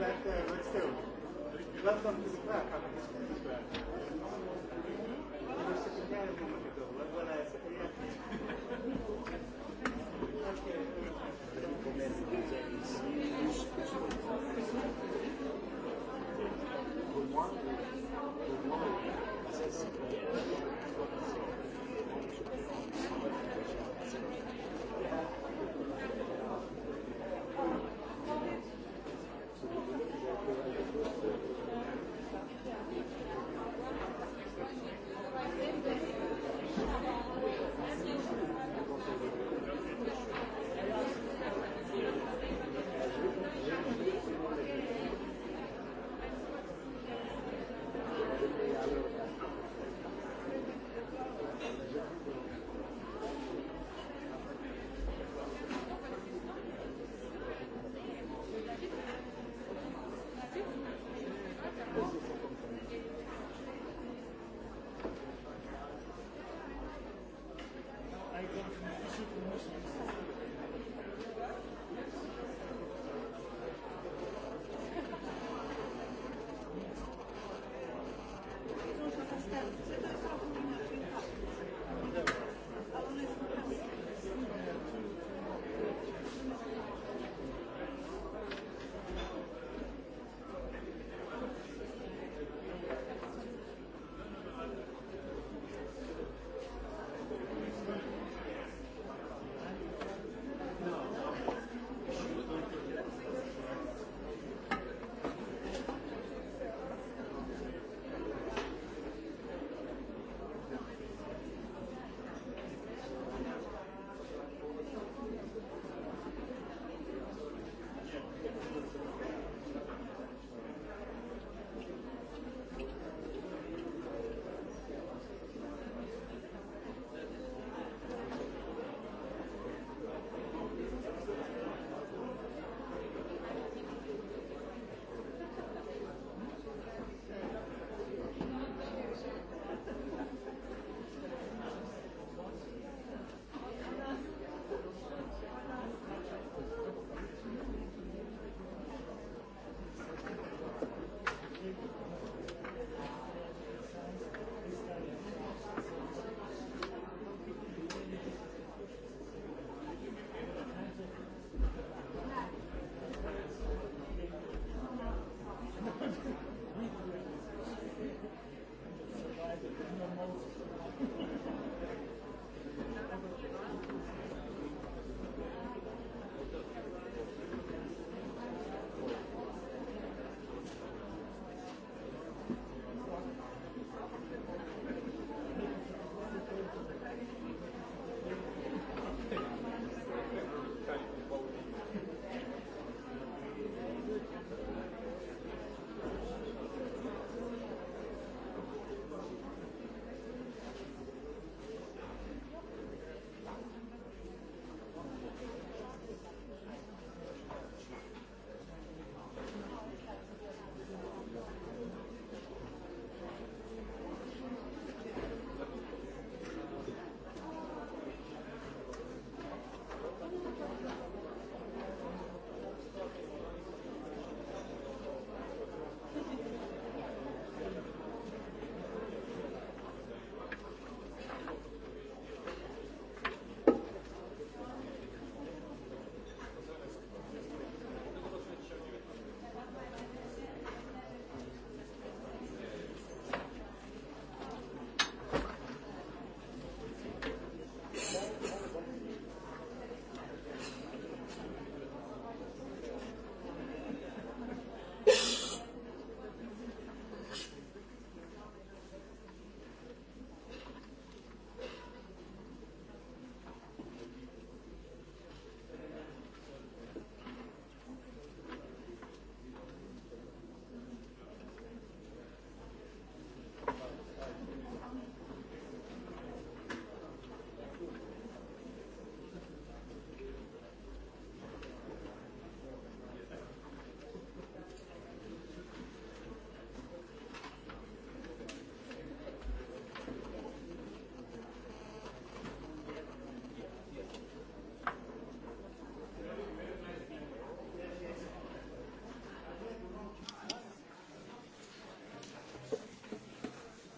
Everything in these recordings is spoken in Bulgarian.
well.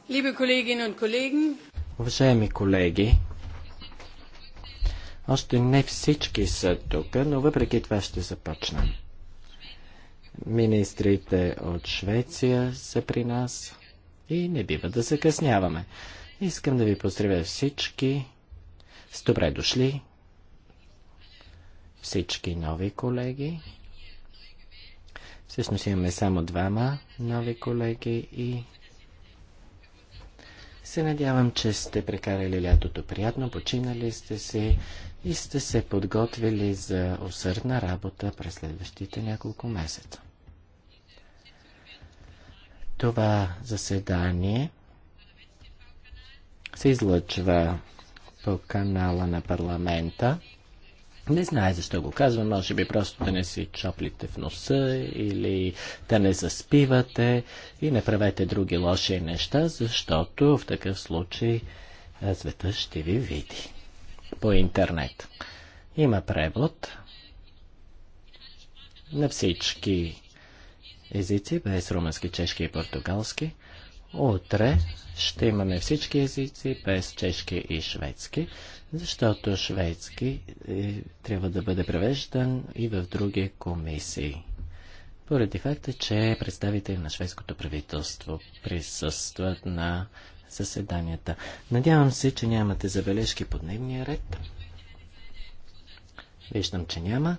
Liebe Kolleginnen und Kollegen, Уважаеми колеги, още не всички са тук, но въпреки това ще започнем. Министрите от Швеция са при нас и не бива да закъсняваме. Искам да ви поздравя всички. С добре дошли. Всички нови колеги. Всъщност имаме само двама нови колеги и се надявам, че сте прекарали лятото приятно, починали сте се и сте се подготвили за усърдна работа през следващите няколко месеца. Това заседание се излъчва по канала на парламента. Не знае защо го казвам, може би просто да не си чоплите в носа или да не заспивате и не правете други лоши неща, защото в такъв случай света ще ви види по интернет. Има превод на всички езици, без румънски, чешки и португалски. Утре ще имаме всички езици, без чешки и шведски защото шведски е, трябва да бъде превеждан и в други комисии. Поради факта, че представители на шведското правителство присъстват на заседанията. Надявам се, че нямате забележки по дневния ред. Виждам, че няма.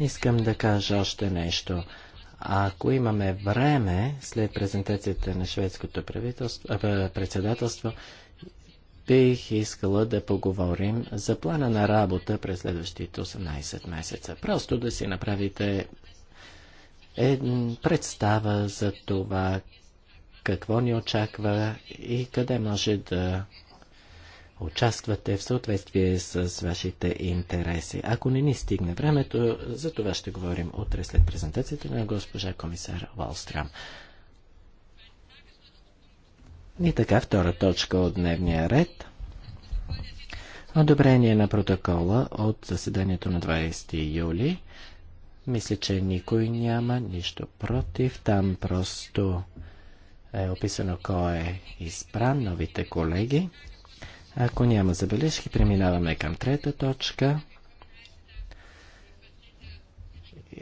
Искам да кажа още нещо. Ако имаме време след презентацията на шведското правителство, председателство, бих искала да поговорим за плана на работа през следващите 18 месеца. Просто да си направите една представа за това, какво ни очаква и къде може да участвате в съответствие с вашите интереси. Ако не ни стигне времето, за това ще говорим утре след презентацията на госпожа комисар Валстрам. И така, втора точка от дневния ред. Одобрение на протокола от заседанието на 20 юли. Мисля, че никой няма нищо против. Там просто е описано кой е избран, новите колеги. Ако няма забележки, преминаваме към трета точка.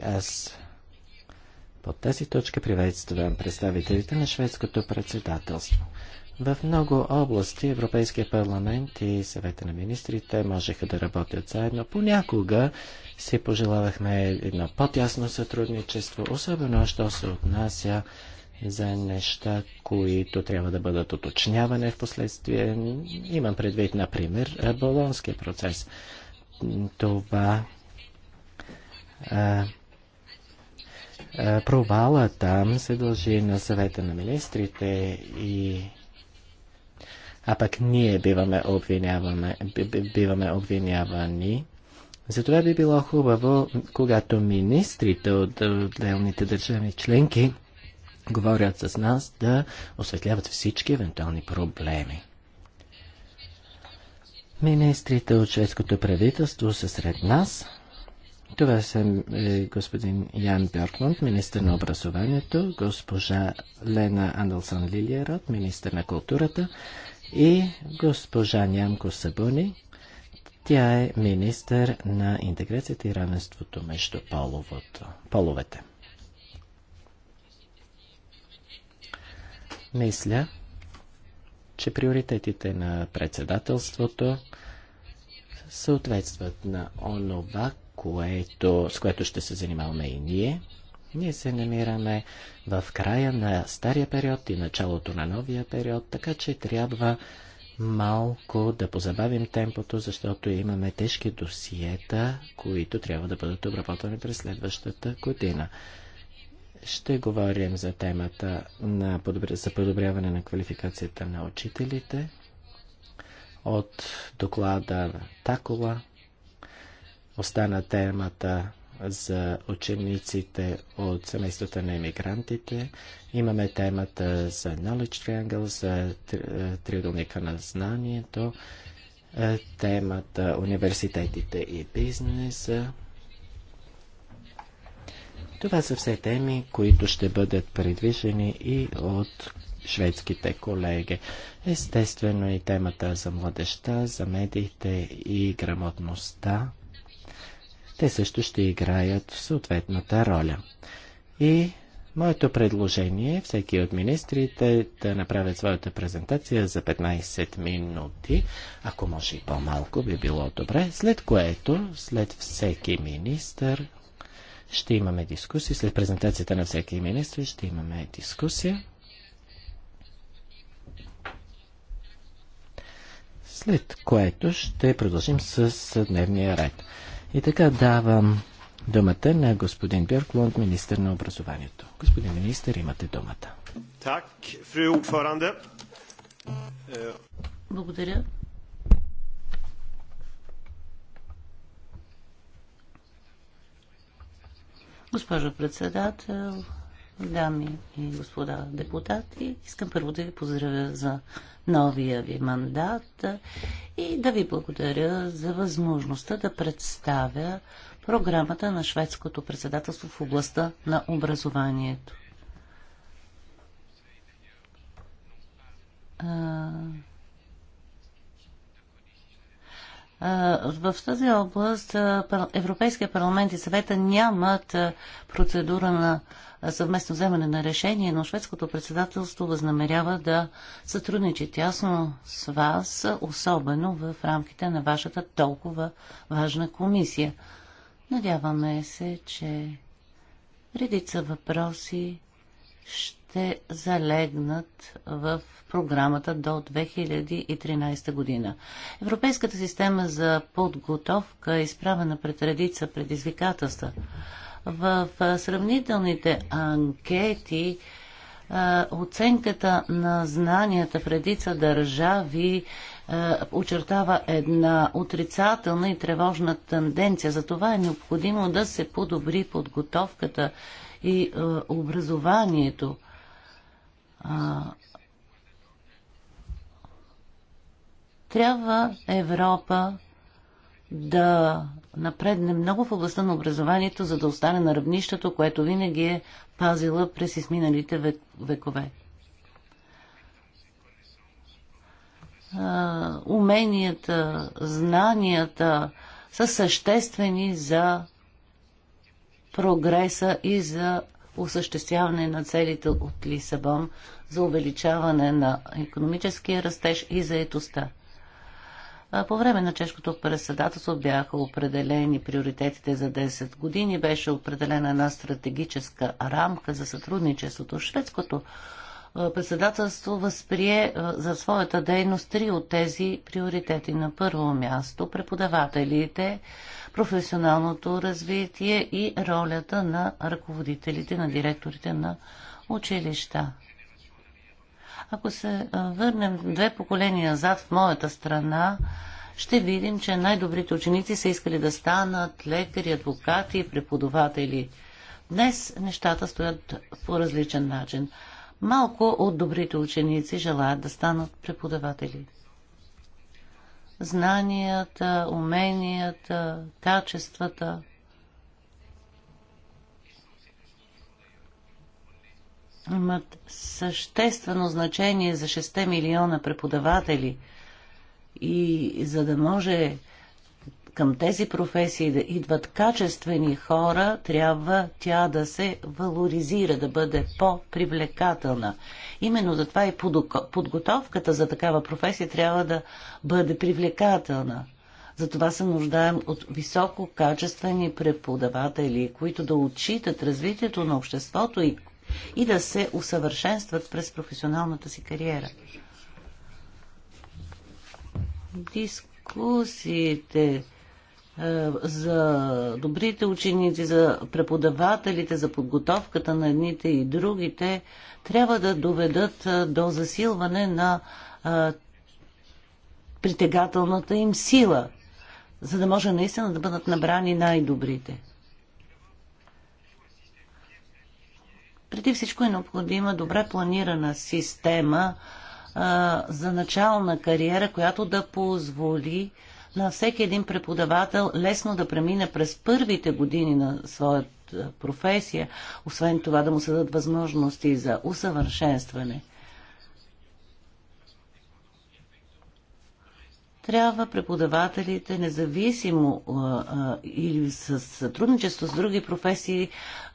Аз по тази точка приветствам представителите на шведското председателство. В много области Европейския парламент и съвета на министрите можеха да работят заедно. Понякога си пожелавахме едно по-тясно сътрудничество, особено що се отнася за неща, които трябва да бъдат уточняване в последствие. Имам предвид, например, Болонския процес. Това а, е, провала там се дължи на съвета на министрите и а пък ние биваме, обвиняваме, биваме обвинявани. Затова би било хубаво, когато министрите от отделните държави членки говорят с нас, да осветляват всички евентуални проблеми. Министрите от шведското правителство са сред нас. Това са е, господин Ян Бьоркланд, министр на образованието, госпожа Лена Андълсън Лилиерот, министр на културата и госпожа Нямко Сабуни. Тя е министър на интеграцията и равенството между половото, половете. Мисля, че приоритетите на председателството съответстват на онова, което, с което ще се занимаваме и ние. Ние се намираме в края на стария период и началото на новия период, така че трябва малко да позабавим темпото, защото имаме тежки досиета, които трябва да бъдат обработвани през следващата година. Ще говорим за темата на подобря... за подобряване на квалификацията на учителите от доклада Такова Остана темата за учениците от семейството на емигрантите. Имаме темата за Knowledge Triangle, за триъгълника на знанието, е, темата университетите и бизнеса. Това са все теми, които ще бъдат предвижени и от шведските колеги. Естествено и темата за младеща, за медиите и грамотността те също ще играят съответната роля. И моето предложение е всеки от министрите да направят своята презентация за 15 минути, ако може и по-малко би било добре, след което, след всеки министр, ще имаме дискусия. След презентацията на всеки министр ще имаме дискусия. След което ще продължим с дневния ред. И така давам думата на господин Бjörklund, министр на образованието. Господин министр, имате думата. Так, фру ordförande. Благодаря. Госпожо председател, дами и господа депутати. Искам първо да ви поздравя за новия ви мандат и да ви благодаря за възможността да представя програмата на шведското председателство в областта на образованието. В тази област Европейския парламент и съвета нямат процедура на съвместно вземане на решение, но шведското председателство възнамерява да сътрудничи тясно с вас, особено в рамките на вашата толкова важна комисия. Надяваме се, че редица въпроси ще залегнат в програмата до 2013 година. Европейската система за подготовка е изправена пред редица предизвикателства. В сравнителните анкети оценката на знанията в редица държави очертава една отрицателна и тревожна тенденция. Затова е необходимо да се подобри подготовката и образованието. Трябва Европа да напредне много в областта на образованието, за да остане на равнището, което винаги е пазила през изминалите векове. уменията, знанията са съществени за прогреса и за осъществяване на целите от Лисабон за увеличаване на економическия растеж и заетостта. По време на чешкото председателство бяха определени приоритетите за 10 години, беше определена една стратегическа рамка за сътрудничеството. Шведското председателство възприе за своята дейност три от тези приоритети. На първо място преподавателите, професионалното развитие и ролята на ръководителите, на директорите на училища. Ако се върнем две поколения назад в моята страна, ще видим, че най-добрите ученици са искали да станат лекари, адвокати, преподаватели. Днес нещата стоят по различен начин. Малко от добрите ученици желаят да станат преподаватели. Знанията, уменията, качествата – имат съществено значение за 6 милиона преподаватели и за да може към тези професии да идват качествени хора, трябва тя да се валоризира, да бъде по-привлекателна. Именно затова и подготовката за такава професия трябва да бъде привлекателна. Затова се нуждаем от висококачествени преподаватели, които да отчитат развитието на обществото и и да се усъвършенстват през професионалната си кариера. Дискусиите е, за добрите ученици, за преподавателите, за подготовката на едните и другите, трябва да доведат е, до засилване на е, притегателната им сила, за да може наистина да бъдат набрани най-добрите. Преди всичко е необходима добре планирана система а, за начална кариера, която да позволи на всеки един преподавател лесно да премине през първите години на своята професия, освен това да му се дадат възможности за усъвършенстване – трябва преподавателите, независимо а, а, или с сътрудничество с други професии,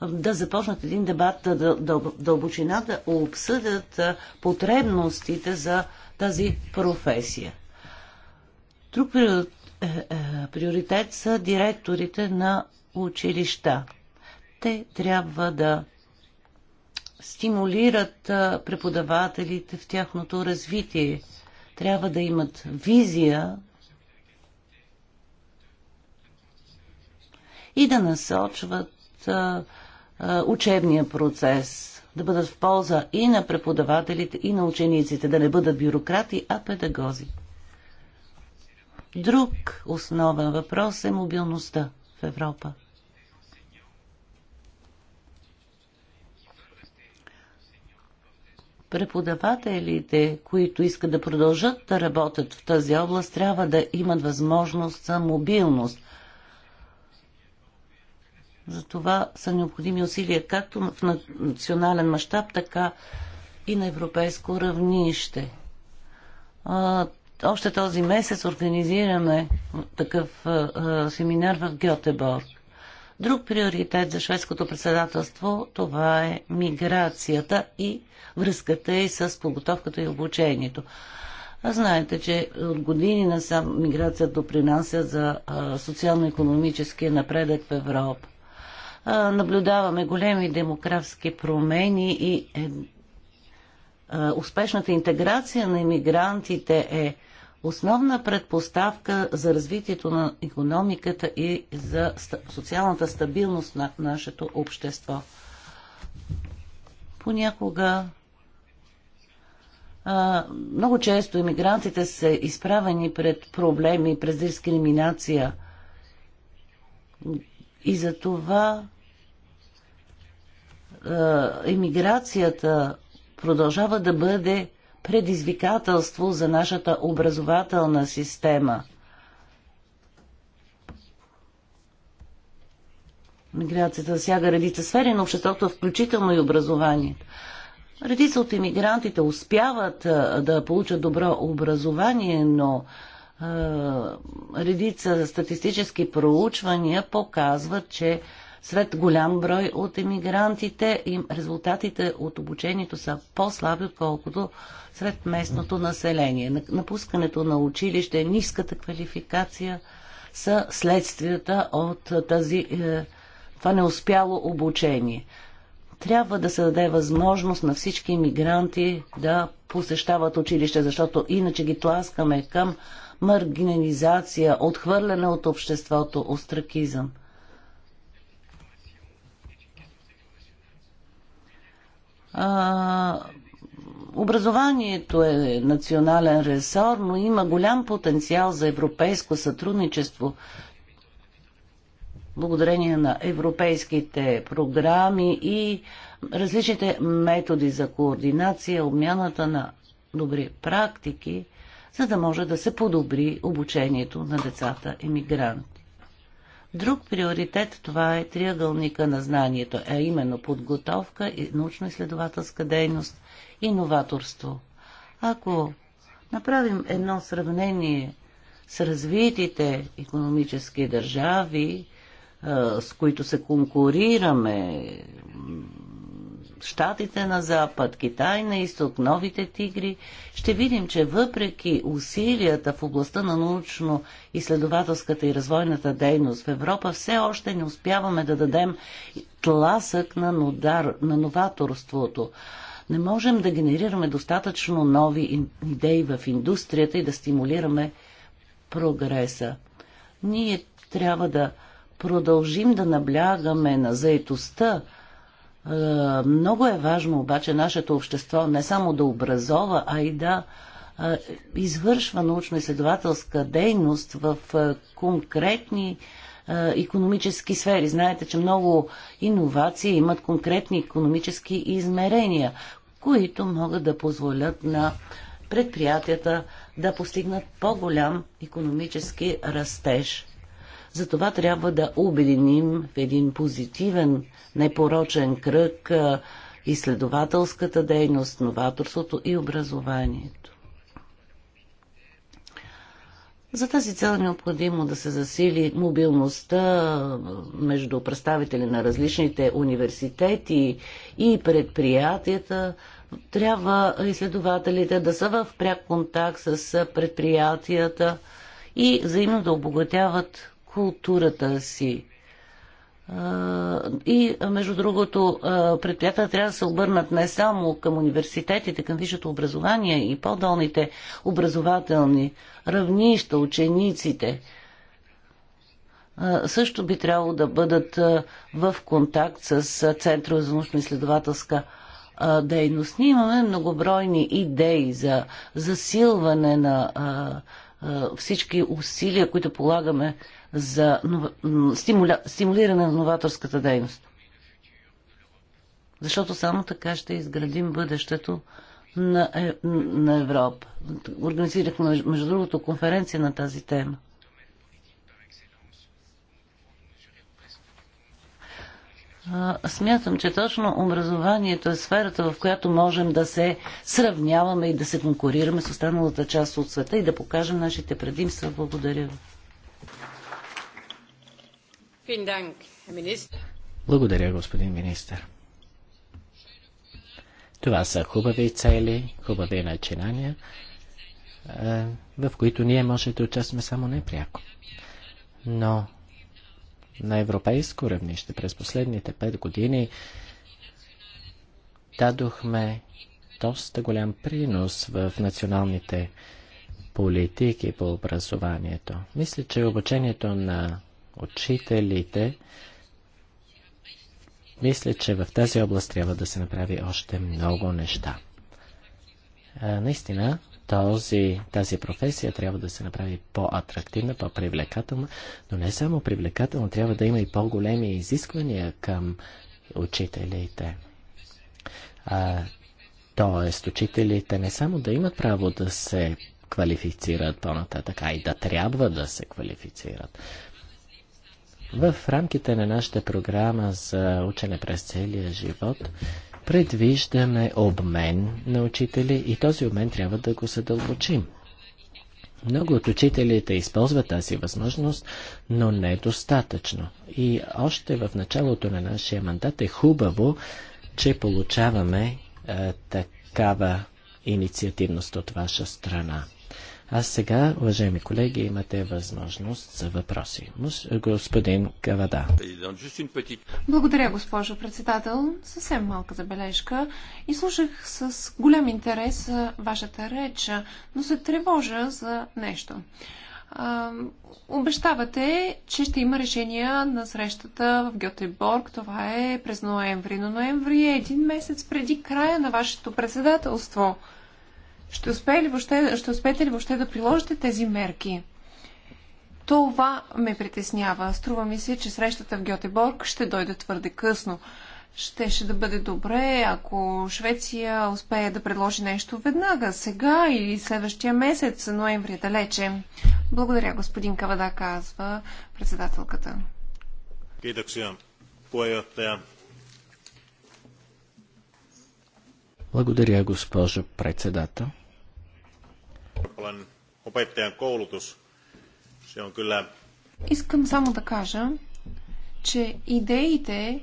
да започнат един дебат, да, да, да дълбочина, да обсъдят потребностите за тази професия. Друг е, е, приоритет са директорите на училища. Те трябва да стимулират преподавателите в тяхното развитие – трябва да имат визия и да насочват а, а, учебния процес, да бъдат в полза и на преподавателите, и на учениците, да не бъдат бюрократи, а педагози. Друг основен въпрос е мобилността в Европа. преподавателите, които искат да продължат да работят в тази област, трябва да имат възможност за мобилност. това са необходими усилия както в национален мащаб, така и на европейско равнище. Още този месец организираме такъв семинар в Гьотеборг. Друг приоритет за шведското председателство това е миграцията и връзката и с подготовката и обучението. А знаете, че от години насам миграцията допринася за социално-економическия напредък в Европа. А, наблюдаваме големи демографски промени и е, а, успешната интеграция на иммигрантите е основна предпоставка за развитието на економиката и за социалната стабилност на нашето общество. Понякога много често иммигрантите са изправени пред проблеми, през дискриминация. И за това иммиграцията продължава да бъде предизвикателство за нашата образователна система. Миграцията засяга редица сфери на обществото, включително и образованието. Редица от иммигрантите успяват да получат добро образование, но редица статистически проучвания показват, че сред голям брой от емигрантите им резултатите от обучението са по-слаби, отколкото сред местното население. Напускането на училище, ниската квалификация са следствията от тази, е, това неуспяло обучение трябва да се даде възможност на всички иммигранти да посещават училище, защото иначе ги тласкаме към маргинализация, отхвърляне от обществото, остракизъм. А, образованието е национален ресор, но има голям потенциал за европейско сътрудничество благодарение на европейските програми и различните методи за координация, обмяната на добри практики, за да може да се подобри обучението на децата емигранти. Друг приоритет това е триъгълника на знанието, а именно подготовка, научно-изследователска дейност и новаторство. Ако направим едно сравнение с развитите економически държави, с които се конкурираме Штатите на запад, Китай на изток, новите тигри, ще видим, че въпреки усилията в областта на научно-изследователската и развойната дейност в Европа, все още не успяваме да дадем тласък на, нодар, на новаторството. Не можем да генерираме достатъчно нови идеи в индустрията и да стимулираме прогреса. Ние трябва да продължим да наблягаме на заетостта, е, много е важно обаче нашето общество не само да образова, а и да е, извършва научно-изследователска дейност в е, конкретни економически сфери. Знаете, че много иновации имат конкретни економически измерения, които могат да позволят на предприятията да постигнат по-голям економически растеж. Затова трябва да обединим в един позитивен, непорочен кръг изследователската дейност, новаторството и образованието. За тази цел е необходимо да се засили мобилността между представители на различните университети и предприятията. Трябва изследователите да са в пряк контакт с предприятията и взаимно да обогатяват културата си. И, между другото, предприятията трябва да се обърнат не само към университетите, към висшето образование и по-долните образователни равнища, учениците. Също би трябвало да бъдат в контакт с Центрове за научно-изследователска дейност. Ние имаме многобройни идеи за засилване на всички усилия, които полагаме за стимуля... стимулиране на новаторската дейност. Защото само така ще изградим бъдещето на, е... на Европа. Организирахме, между другото, конференция на тази тема. Смятам, че точно образованието е сферата, в която можем да се сравняваме и да се конкурираме с останалата част от света и да покажем нашите предимства. Благодаря ви. Благодаря, господин министр. Това са хубави цели, хубави начинания, в които ние може да участваме само непряко. Но на европейско равнище през последните пет години дадохме доста голям принос в националните политики по образованието. Мисля, че обучението на учителите, мисля, че в тази област трябва да се направи още много неща. А, наистина, този, тази професия трябва да се направи по-атрактивна, по-привлекателна, но не само привлекателна, трябва да има и по-големи изисквания към учителите. А, тоест, учителите не само да имат право да се квалифицират по-нататък, а и да трябва да се квалифицират. В рамките на нашата програма за учене през целия живот предвиждаме обмен на учители и този обмен трябва да го задълбочим. Много от учителите използват тази възможност, но не достатъчно. И още в началото на нашия мандат е хубаво, че получаваме е, такава инициативност от ваша страна. А сега, уважаеми колеги, имате възможност за въпроси. Господин Кавада. Благодаря, госпожо председател. Съвсем малка забележка. И слушах с голям интерес вашата реч, но се тревожа за нещо. обещавате, че ще има решения на срещата в Гьотеборг. Това е през ноември. Но ноември е един месец преди края на вашето председателство. Ще, успее ли въобще, ще успеете ли въобще да приложите тези мерки? Това ме притеснява. Струва ми се, че срещата в Гьотеборг ще дойде твърде късно. Щеше да бъде добре, ако Швеция успее да предложи нещо веднага, сега или следващия месец, ноември далече. Благодаря, господин Кавада, казва председателката. Благодаря, госпожо председател. Искам само да кажа, че идеите,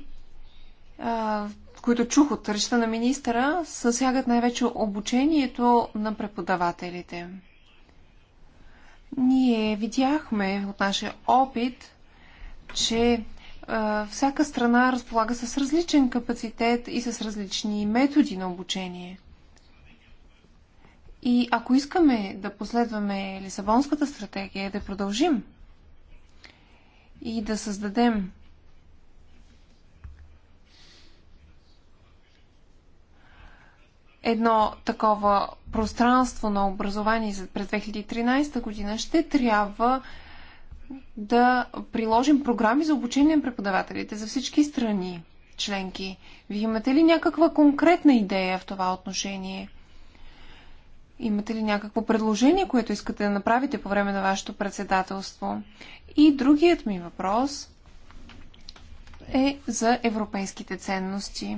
които чух от речта на министъра, съсягат най-вече обучението на преподавателите. Ние видяхме от нашия опит, че всяка страна разполага с различен капацитет и с различни методи на обучение – и ако искаме да последваме Лисабонската стратегия, е да продължим и да създадем едно такова пространство на образование през 2013 година, ще трябва да приложим програми за обучение на преподавателите за всички страни членки. Вие имате ли някаква конкретна идея в това отношение? Имате ли някакво предложение, което искате да направите по време на вашето председателство? И другият ми въпрос е за европейските ценности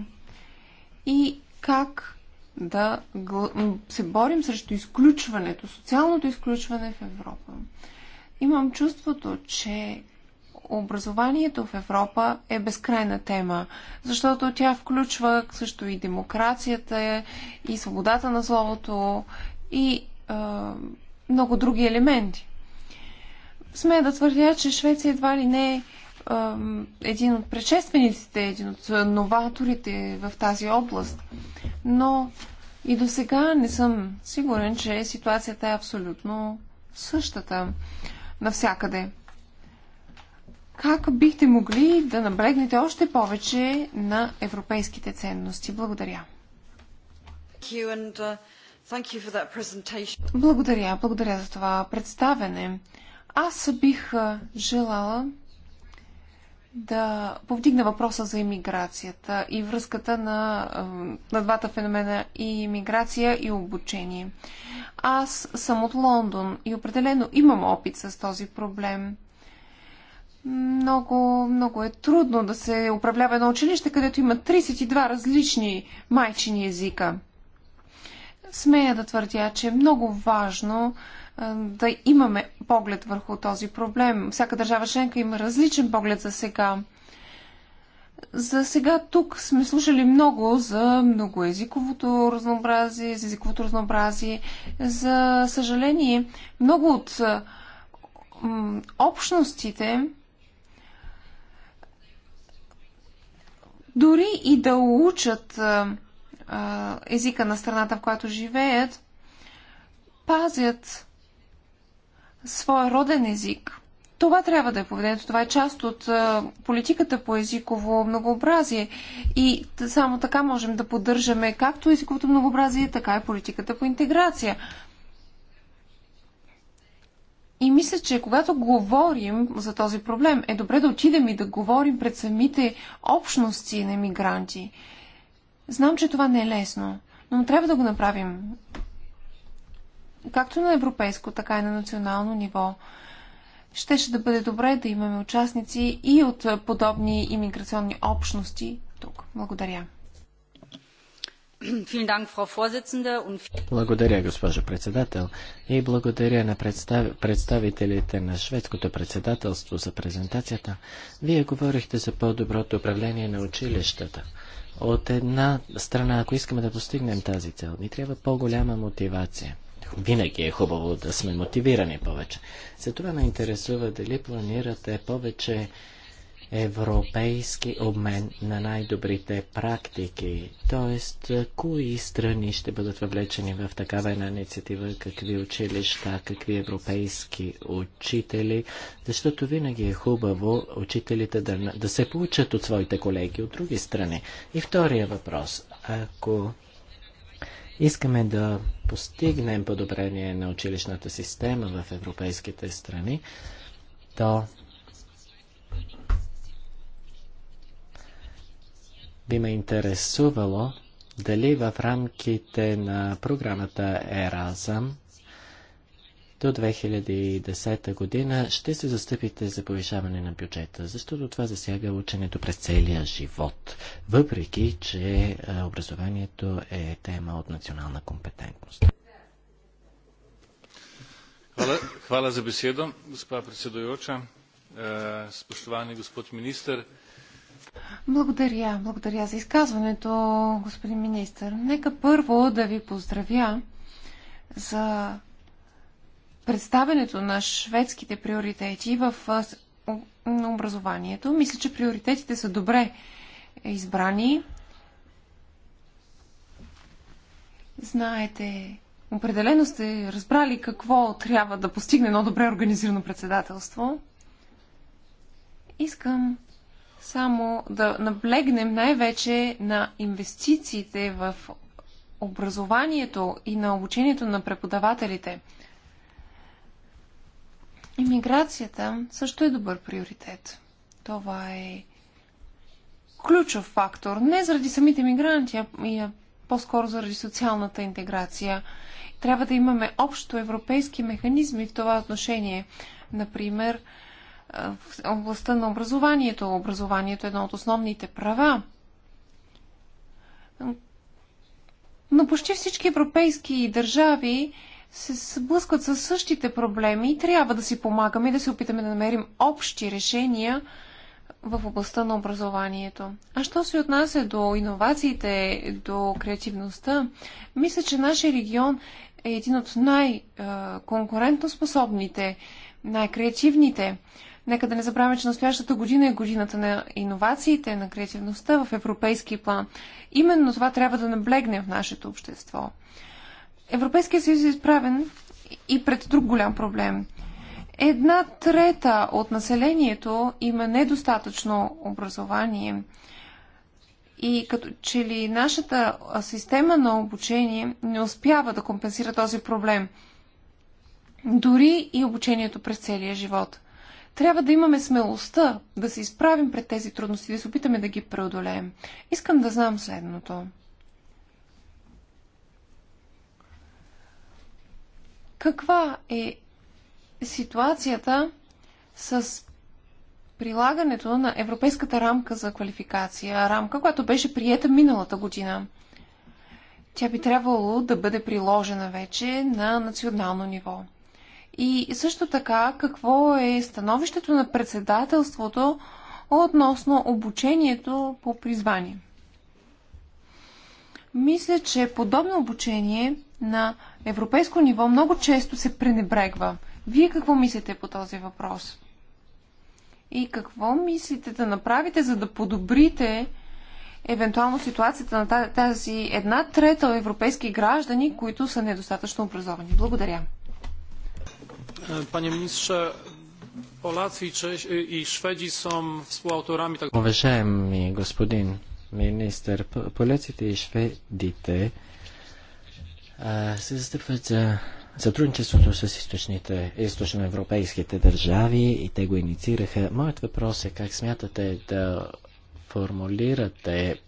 и как да се борим срещу изключването, социалното изключване в Европа. Имам чувството, че образованието в Европа е безкрайна тема, защото тя включва също и демокрацията, и свободата на словото, и е, много други елементи. Смея да твърдя, че Швеция едва ли не е един от предшествениците, един от новаторите в тази област. Но и до сега не съм сигурен, че ситуацията е абсолютно същата навсякъде как бихте могли да наблегнете още повече на европейските ценности? Благодаря. Uh, благодаря, благодаря за това представене. Аз бих желала да повдигна въпроса за иммиграцията и връзката на, на двата феномена и иммиграция и обучение. Аз съм от Лондон и определено имам опит с този проблем. Много, много е трудно да се управлява едно училище, където има 32 различни майчини езика. Смея да твърдя, че е много важно да имаме поглед върху този проблем. Всяка държава членка има различен поглед за сега. За сега тук сме слушали много за многоезиковото разнообразие, за езиковото разнообразие. За съжаление, много от общностите дори и да учат езика на страната, в която живеят, пазят своя роден език. Това трябва да е поведението. Това е част от политиката по езиково многообразие. И само така можем да поддържаме както езиковото многообразие, така и политиката по интеграция. И мисля, че когато говорим за този проблем, е добре да отидем и да говорим пред самите общности на мигранти. Знам, че това не е лесно, но трябва да го направим. Както на европейско, така и на национално ниво. Щеше да бъде добре да имаме участници и от подобни имиграционни общности тук. Благодаря. Благодаря, госпожо председател, и благодаря на представ... представителите на шведското председателство за презентацията. Вие говорихте за по-доброто управление на училищата. От една страна, ако искаме да постигнем тази цел, ни трябва по-голяма мотивация. Винаги е хубаво да сме мотивирани повече. За това ме интересува дали планирате повече европейски обмен на най-добрите практики, т.е. кои страни ще бъдат въвлечени в такава една инициатива, какви училища, какви европейски учители, защото винаги е хубаво учителите да, да се получат от своите колеги от други страни. И втория въпрос, ако искаме да постигнем подобрение на училищната система в европейските страни, то би ме интересувало дали в рамките на програмата Еразъм до 2010 година ще се застъпите за повишаване на бюджета, защото това засяга ученето през целия живот, въпреки че е, образованието е тема от национална компетентност. Hvala, hvala za besedo, gospa predsedujoča. Spoštovani gospod minister, благодаря, благодаря за изказването, господин министр. Нека първо да ви поздравя за представенето на шведските приоритети в образованието. Мисля, че приоритетите са добре избрани. Знаете, определено сте разбрали какво трябва да постигне едно добре организирано председателство. Искам само да наблегнем най-вече на инвестициите в образованието и на обучението на преподавателите. Имиграцията също е добър приоритет. Това е ключов фактор. Не заради самите мигранти, а по-скоро заради социалната интеграция. Трябва да имаме общо европейски механизми в това отношение. Например, в областта на образованието. Образованието е едно от основните права. Но почти всички европейски държави се сблъскват със същите проблеми и трябва да си помагаме и да се опитаме да намерим общи решения в областта на образованието. А що се отнася до иновациите, до креативността, мисля, че нашия регион е един от най-конкурентно способните, най-креативните. Нека да не забравяме, че настоящата година е годината на иновациите, на креативността в европейски план. Именно това трябва да наблегне в нашето общество. Европейския съюз е изправен и пред друг голям проблем. Една трета от населението има недостатъчно образование. И като че ли нашата система на обучение не успява да компенсира този проблем. Дори и обучението през целия живот – трябва да имаме смелостта да се изправим пред тези трудности, да се опитаме да ги преодолеем. Искам да знам следното. Каква е ситуацията с прилагането на Европейската рамка за квалификация, рамка, която беше приета миналата година? Тя би трябвало да бъде приложена вече на национално ниво. И също така, какво е становището на председателството относно обучението по призвание? Мисля, че подобно обучение на европейско ниво много често се пренебрегва. Вие какво мислите по този въпрос? И какво мислите да направите, за да подобрите евентуално ситуацията на тази една трета европейски граждани, които са недостатъчно образовани? Благодаря. Panie ministrze, Поляци и Шведи са współautorami так... Уважаеми господин министр, поляците и шведите а, се застъпват за сътрудничеството с източните, източноевропейските държави и те го инициираха. Моят въпрос е как смятате да формулирате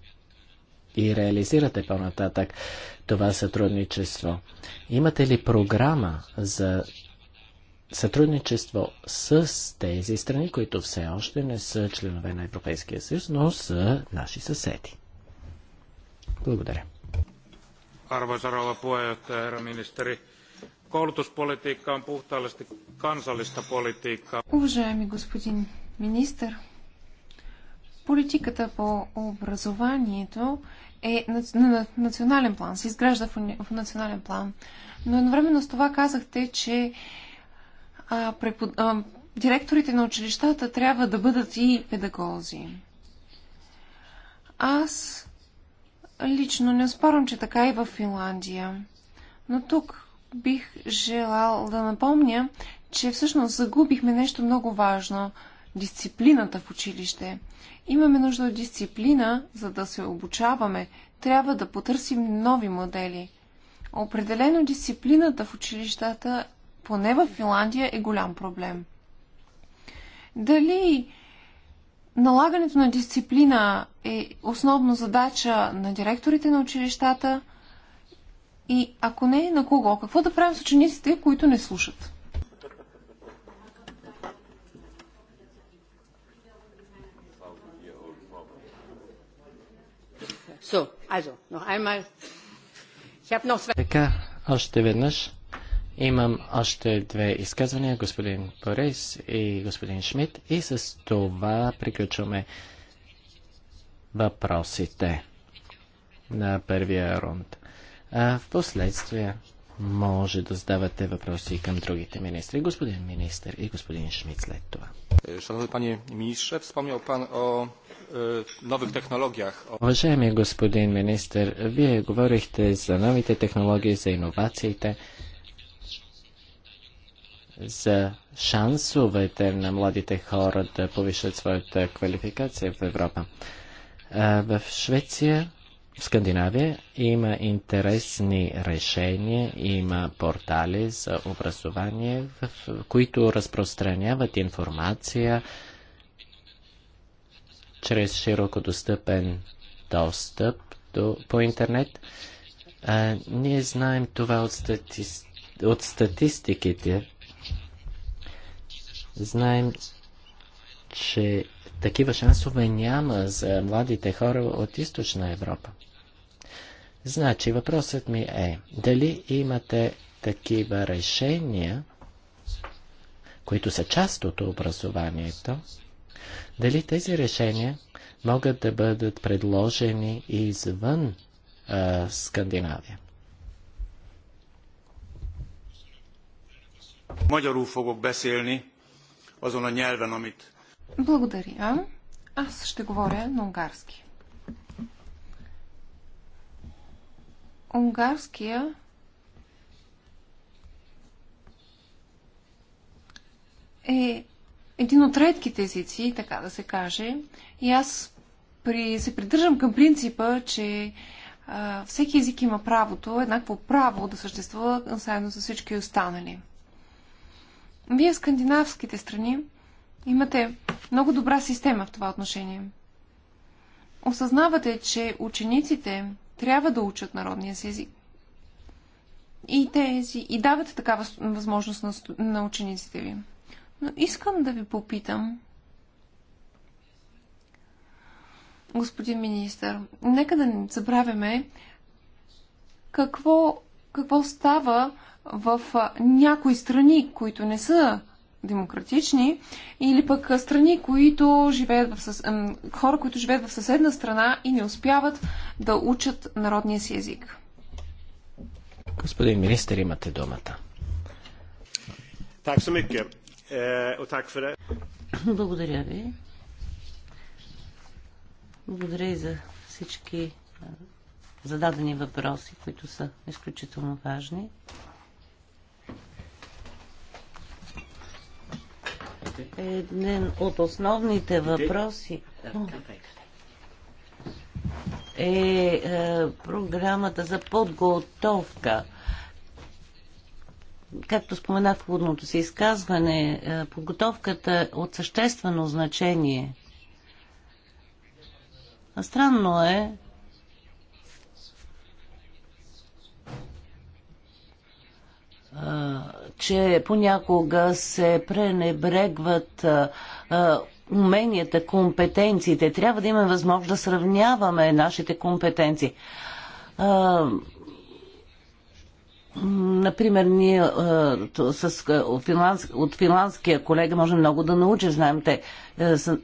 и реализирате по-нататък това сътрудничество. Имате ли програма за сътрудничество с тези страни, които все още не са членове на Европейския съюз, но са наши съседи. Благодаря. Arvoisa rouva puheenjohtaja, herra ministeri. Koulutuspolitiikka on puhtaallisesti kansallista politiikkaa. Уважаеми господин министр, политиката по образованието е на национален план, се изгражда в национален план. Но едновременно с това казахте, че а, препод... а, директорите на училищата трябва да бъдат и педагози. Аз лично не спорвам, че така и в Финландия. Но тук бих желал да напомня, че всъщност загубихме нещо много важно дисциплината в училище. Имаме нужда от дисциплина, за да се обучаваме. Трябва да потърсим нови модели. Определено дисциплината в училищата поне в Финландия, е голям проблем. Дали налагането на дисциплина е основна задача на директорите на училищата и ако не, на кого? Какво да правим с учениците, които не слушат? Така, още веднъж. Имам още две изказвания, господин Борис и господин Шмидт. И с това приключваме въпросите на първия рунд. А в последствие може да задавате въпроси към другите министри. Господин министр и господин Шмидт след това. Е, шановни вспомнял пан о технологиях. Уважаеми господин министр, вие говорихте за новите технологии, за иновациите за шансовете на младите хора да повишат своята квалификация в Европа. В Швеция, в Скандинавия има интересни решения, има портали за образование, в които разпространяват информация чрез широко достъпен достъп до, по интернет. А, ние знаем това от, стати, от статистиките, Знаем, че такива шансове няма за младите хора от източна Европа. Значи въпросът ми е, дали имате такива решения, които са част от образованието, дали тези решения могат да бъдат предложени извън а, Скандинавия? Magyarul fogok beszélni, azon a nyelven, amit... Благодаря. Аз ще говоря на унгарски. Унгарския е един от редките езици, така да се каже. И аз при, се придържам към принципа, че а, всеки език има правото, еднакво право да съществува заедно с всички останали. Вие в скандинавските страни имате много добра система в това отношение. Осъзнавате, че учениците трябва да учат народния си език. И, тези, и давате такава възможност на, на учениците ви. Но искам да ви попитам, господин министър, нека да не забравяме какво, какво става в някои страни, които не са демократични, или пък страни, които живеят в със... хора, които живеят в съседна страна и не успяват да учат народния си език. Господин министр, имате думата. Eh, Благодаря ви. Благодаря и за всички зададени въпроси, които са изключително важни. Един от основните въпроси е, е, програмата за подготовка. Както споменах в водното си изказване, е, подготовката е от съществено значение. Странно е, че понякога се пренебрегват уменията, компетенциите. Трябва да имаме възможност да сравняваме нашите компетенции. Например, ние с, от финландския колега можем много да научим. Знаем, те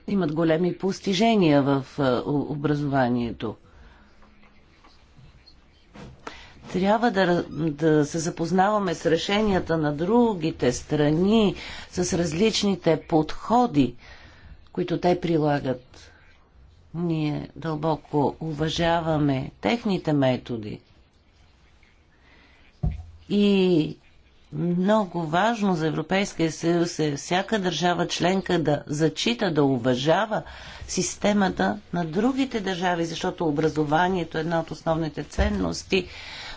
имат големи постижения в образованието. трябва да, да се запознаваме с решенията на другите страни, с различните подходи, които те прилагат. Ние дълбоко уважаваме техните методи. И много важно за Европейския съюз е всяка държава членка да зачита, да уважава системата на другите държави, защото образованието е една от основните ценности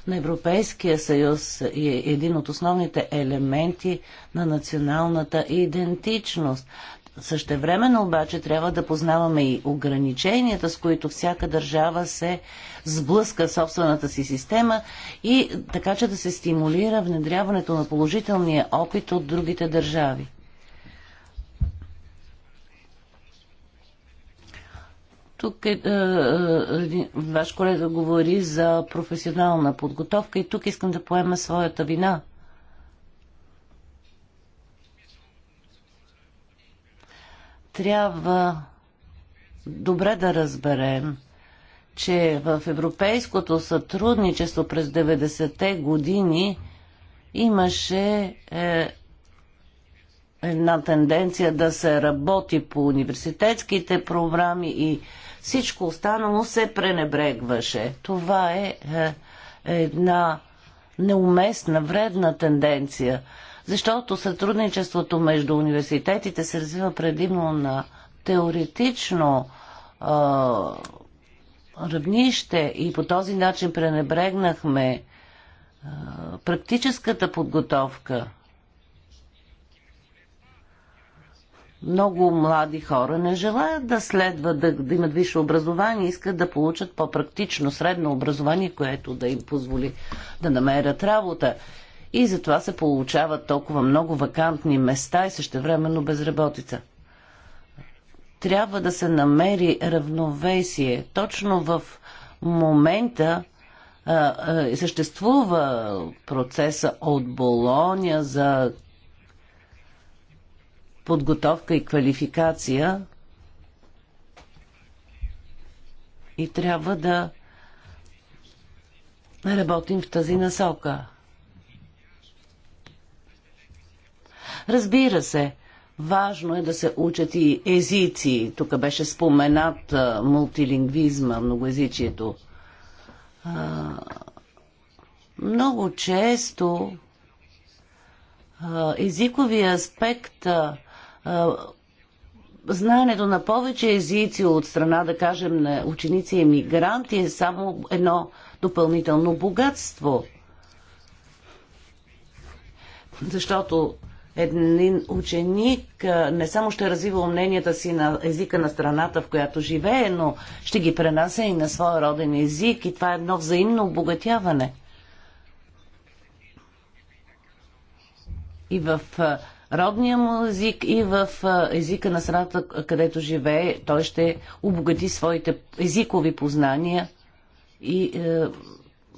на Европейския съюз е един от основните елементи на националната идентичност. Същевременно обаче трябва да познаваме и ограниченията, с които всяка държава се сблъска в собствената си система и така, че да се стимулира внедряването на положителния опит от другите държави. Тук е, е, е, ваш колега говори за професионална подготовка и тук искам да поема своята вина. Трябва добре да разберем, че в европейското сътрудничество през 90-те години имаше е, една тенденция да се работи по университетските програми и всичко останало се пренебрегваше. Това е, е една неуместна, вредна тенденция, защото сътрудничеството между университетите се развива предимно на теоретично е, равнище и по този начин пренебрегнахме е, практическата подготовка Много млади хора не желаят да следват, да, да имат висше образование, искат да получат по-практично средно образование, което да им позволи да намерят работа. И затова се получават толкова много вакантни места и същевременно безработица трябва да се намери равновесие. Точно в момента а, а, съществува процеса от Болония за подготовка и квалификация и трябва да работим в тази насока. Разбира се, важно е да се учат и езици. Тук беше споменат мултилингвизма, многоязичието. А, много често езиковия аспект а, знаенето на повече езици от страна, да кажем, на ученици и емигранти е само едно допълнително богатство. Защото един ученик не само ще е развива мненията си на езика на страната, в която живее, но ще ги пренася и на своя роден език и това е едно взаимно обогатяване. И в родния му език и в езика на страната, където живее, той ще обогати своите езикови познания и е,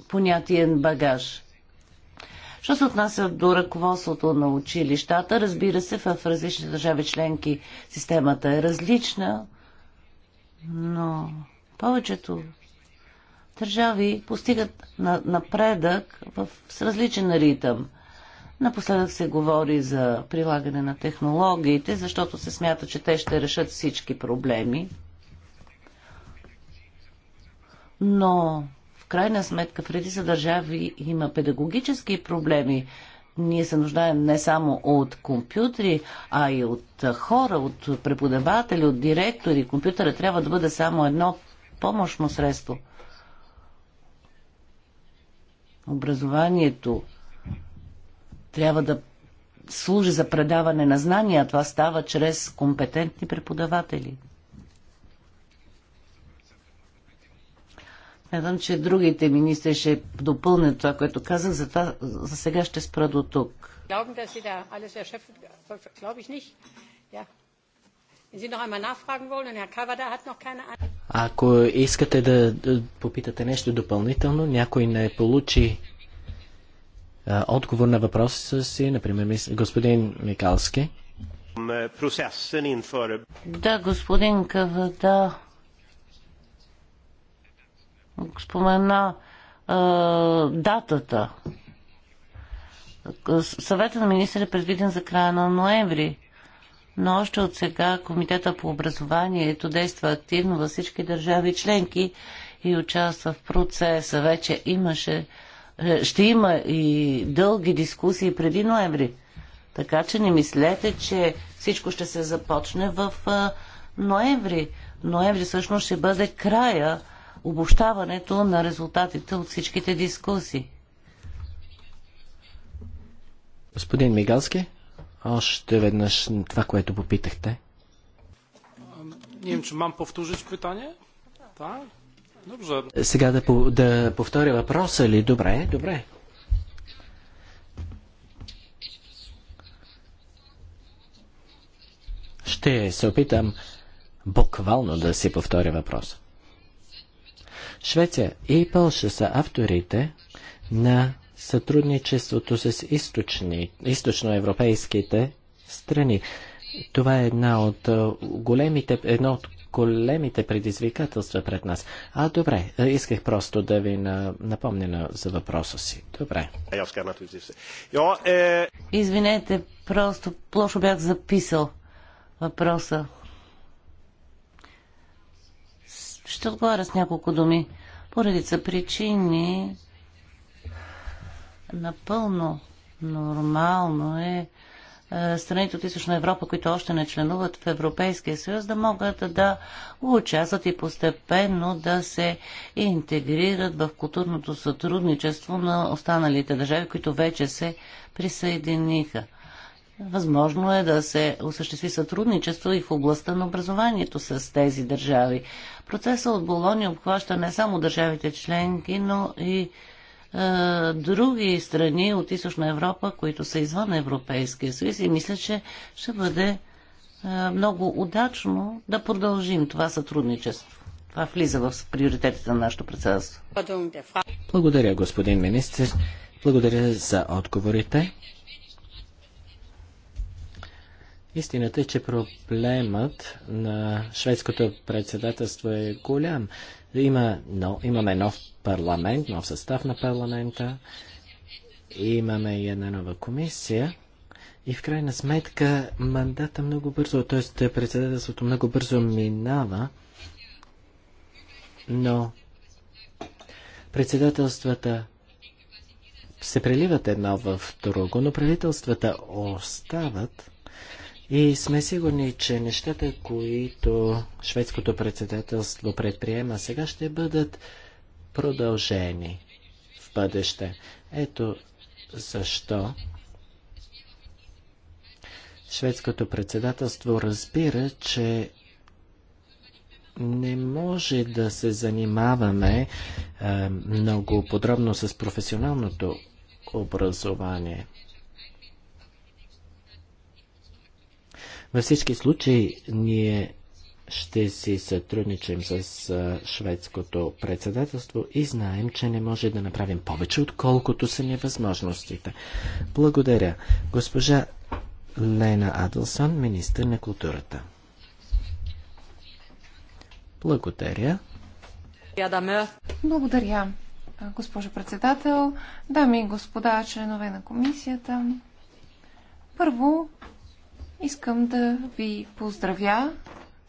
понятиен багаж. Що се отнася до ръководството на училищата, разбира се, в различни държави членки системата е различна, но повечето държави постигат напредък в, с различен ритъм – Напоследък се говори за прилагане на технологиите, защото се смята, че те ще решат всички проблеми. Но в крайна сметка в редица държави има педагогически проблеми. Ние се нуждаем не само от компютри, а и от хора, от преподаватели, от директори. Компютъра трябва да бъде само едно помощно средство. Образованието трябва да служи за предаване на знания. Това става чрез компетентни преподаватели. Смятам, че другите министри ще допълнят това, което казах, затова за сега ще спра до тук. Ако искате да попитате нещо допълнително, някой не получи отговор на въпроса си, например, господин Микалски. Е, да, господин Кавада спомена а, датата. Съвета на министър е предвиден за края на ноември, но още от сега Комитета по образованието действа активно във всички държави членки и участва в процеса. Вече имаше е, ще има и дълги дискусии преди ноември. Така че не мислете, че всичко ще се започне в е, ноември. Ноември всъщност ще бъде края обобщаването на резултатите от всичките дискусии. Господин Мигалски, още веднъж това, което попитахте. Немче, мам повториш питание? Да. Сега да, по, да повторя въпроса ли? Добре, добре. Ще се опитам буквално да си повторя въпроса. Швеция и Пълша са авторите на сътрудничеството с източни, източноевропейските страни. Това е една от големите, едно от големите предизвикателства пред нас. А, добре, е, исках просто да ви напомня за въпроса си. Добре. Е- Извинете, просто плошо бях записал въпроса. Ще отговоря с няколко думи. Поредица причини напълно нормално е е, страните от Източна Европа, които още не членуват в Европейския съюз, да могат да участват и постепенно да се интегрират в културното сътрудничество на останалите държави, които вече се присъединиха. Възможно е да се осъществи сътрудничество и в областта на образованието с тези държави. Процесът от Болония обхваща не само държавите членки, но и други страни от Източна Европа, които са извън Европейския съюз и мисля, че ще бъде много удачно да продължим това сътрудничество. Това влиза в приоритетите на нашето председателство. Благодаря, господин министр. Благодаря за отговорите. Истината е, че проблемът на шведското председателство е голям. Има, но, имаме нов парламент, нов състав на парламента, имаме и една нова комисия. И в крайна сметка мандата много бързо, т.е. председателството много бързо минава, но председателствата се преливат едно в друго, но правителствата остават и сме сигурни, че нещата, които шведското председателство предприема сега, ще бъдат продължени в бъдеще. Ето защо шведското председателство разбира, че не може да се занимаваме е, много подробно с професионалното образование. Във всички случаи ние ще си сътрудничим с шведското председателство и знаем, че не може да направим повече, отколкото са ни възможностите. Благодаря. Госпожа Лена Адлсон, министър на културата. Благодаря. Благодаря, госпожо председател, дами и господа, членове на комисията. Първо, Искам да ви поздравя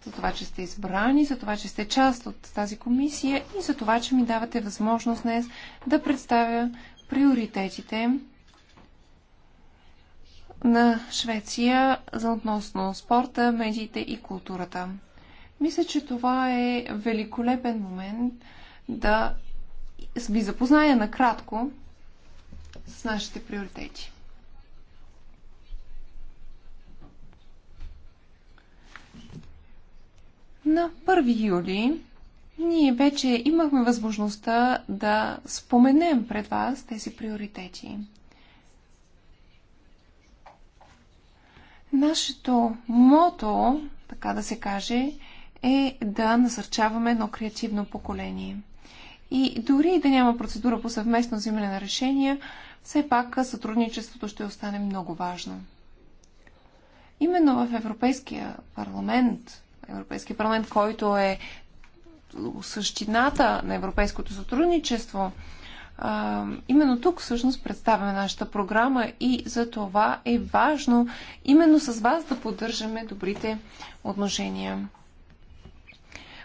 за това, че сте избрани, за това, че сте част от тази комисия и за това, че ми давате възможност днес да представя приоритетите на Швеция за относно спорта, медиите и културата. Мисля, че това е великолепен момент да ви запозная накратко с нашите приоритети. На 1 юли ние вече имахме възможността да споменем пред вас тези приоритети. Нашето мото, така да се каже, е да насърчаваме едно креативно поколение. И дори да няма процедура по съвместно взимане на решения, все пак сътрудничеството ще остане много важно. Именно в Европейския парламент Европейския парламент, който е същината на европейското сътрудничество, а, именно тук всъщност представяме нашата програма и за това е важно именно с вас да поддържаме добрите отношения.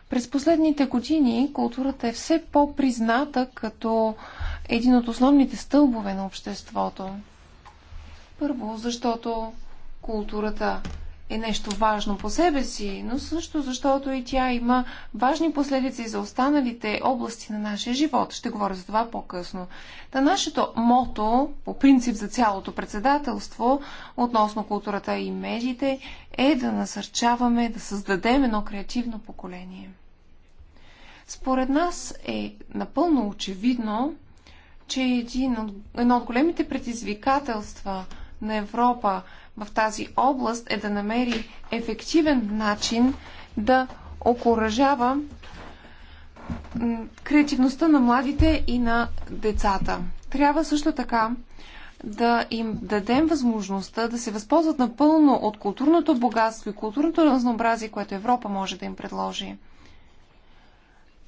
През последните години културата е все по-призната като един от основните стълбове на обществото. Първо, защото културата е нещо важно по себе си, но също защото и тя има важни последици за останалите области на нашия живот. Ще говоря за това по-късно. Та нашето мото, по принцип за цялото председателство, относно културата и медиите, е да насърчаваме, да създадем едно креативно поколение. Според нас е напълно очевидно, че един от, едно от големите предизвикателства на Европа в тази област е да намери ефективен начин да окоръжава креативността на младите и на децата. Трябва също така да им дадем възможността да се възползват напълно от културното богатство и културното разнообразие, което Европа може да им предложи.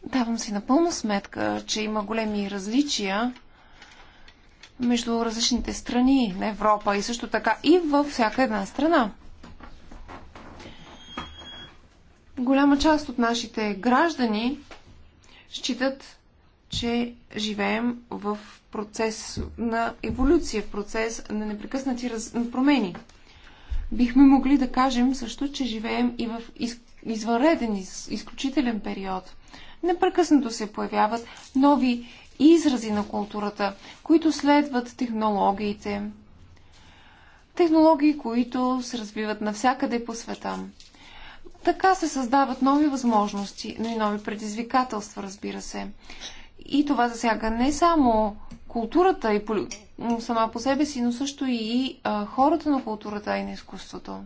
Давам си напълно сметка, че има големи различия между различните страни на Европа и също така и във всяка една страна. Голяма част от нашите граждани считат, че живеем в процес на еволюция, в процес на непрекъснати раз... промени. Бихме могли да кажем също, че живеем и в из... извънреден, из... изключителен период. Непрекъснато се появяват нови изрази на културата, които следват технологиите. Технологии, които се развиват навсякъде по света. Така се създават нови възможности, но и нови предизвикателства, разбира се. И това засяга не само културата и сама по себе си, но също и а, хората на културата и на изкуството.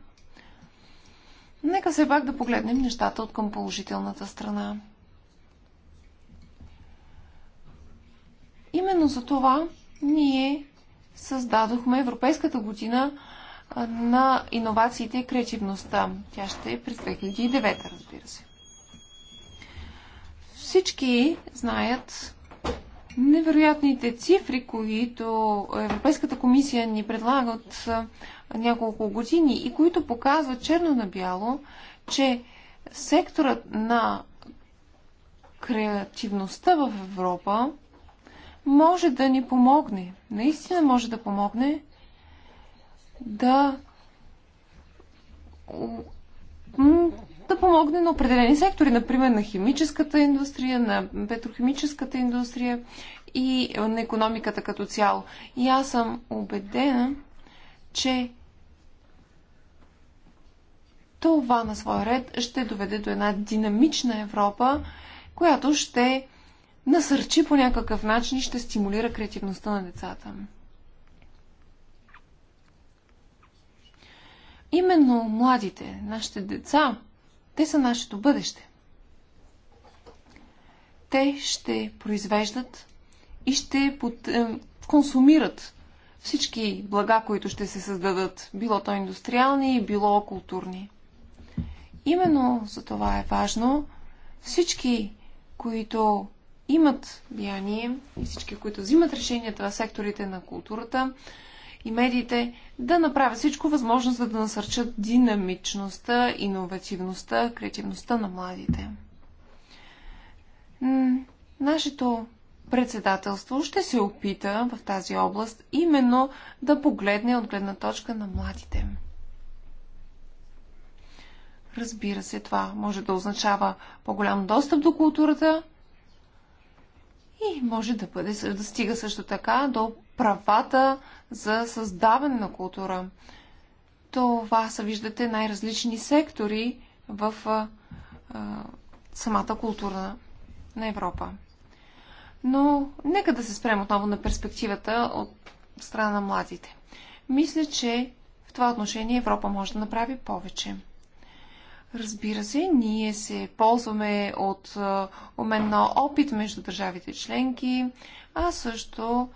Нека все пак да погледнем нещата от към положителната страна. Именно за това ние създадохме Европейската година на иновациите и креативността. Тя ще е през 2009, разбира се. Всички знаят невероятните цифри, които Европейската комисия ни предлага от няколко години и които показват черно на бяло, че секторът на креативността в Европа може да ни помогне, наистина може да помогне да да помогне на определени сектори, например на химическата индустрия, на петрохимическата индустрия и на економиката като цяло. И аз съм убедена, че това на своя ред ще доведе до една динамична Европа, която ще насърчи по някакъв начин и ще стимулира креативността на децата. Именно младите, нашите деца, те са нашето бъдеще. Те ще произвеждат и ще под, е, консумират всички блага, които ще се създадат, било то индустриални, било културни. Именно за това е важно всички, които имат влияние и всички, които взимат решенията в секторите на културата и медиите, да направят всичко възможно, за да насърчат динамичността, иновативността, креативността на младите. Нашето председателство ще се опита в тази област именно да погледне от гледна точка на младите. Разбира се, това може да означава по-голям достъп до културата, и може да, бъде, да стига също така до правата за създаване на култура. Това са, виждате, най-различни сектори в а, а, самата култура на Европа. Но нека да се спрем отново на перспективата от страна на младите. Мисля, че в това отношение Европа може да направи повече. Разбира се, ние се ползваме от обмен на опит между държавите членки, а също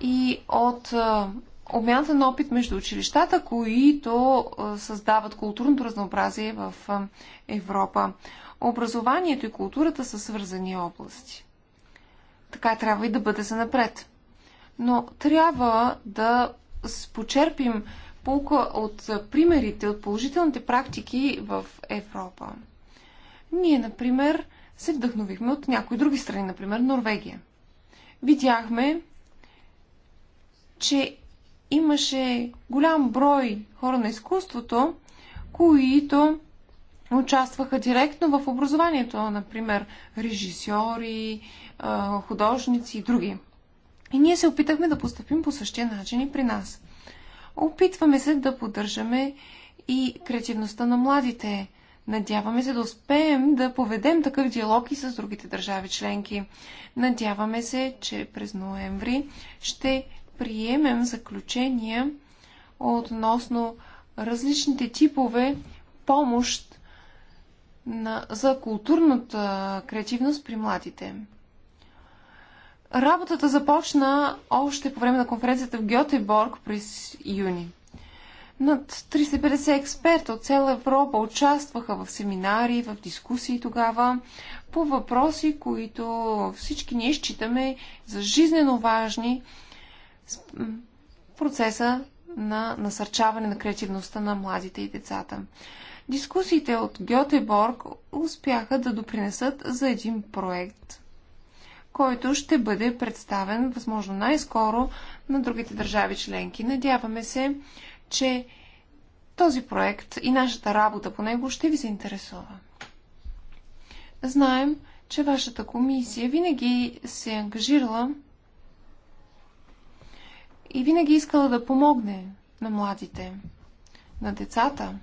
и от обмяната на опит между училищата, които създават културното разнообразие в Европа. Образованието и културата са свързани области. Така трябва и да бъде за напред. Но трябва да почерпим полка от примерите, от положителните практики в Европа. Ние, например, се вдъхновихме от някои други страни, например Норвегия. Видяхме, че имаше голям брой хора на изкуството, които участваха директно в образованието, например режисьори, художници и други. И ние се опитахме да поступим по същия начин и при нас. Опитваме се да поддържаме и креативността на младите. Надяваме се да успеем да поведем такъв диалог и с другите държави членки. Надяваме се, че през ноември ще приемем заключения относно различните типове помощ на, за културната креативност при младите. Работата започна още по време на конференцията в Гьотеборг през юни. Над 350 експерта от цяла Европа участваха в семинари, в дискусии тогава по въпроси, които всички ние считаме за жизнено важни процеса на насърчаване на креативността на младите и децата. Дискусиите от Гьотеборг успяха да допринесат за един проект, който ще бъде представен възможно най-скоро на другите държави членки. Надяваме се, че този проект и нашата работа по него ще ви заинтересува. Знаем, че вашата комисия винаги се е ангажирала и винаги искала да помогне на младите, на децата.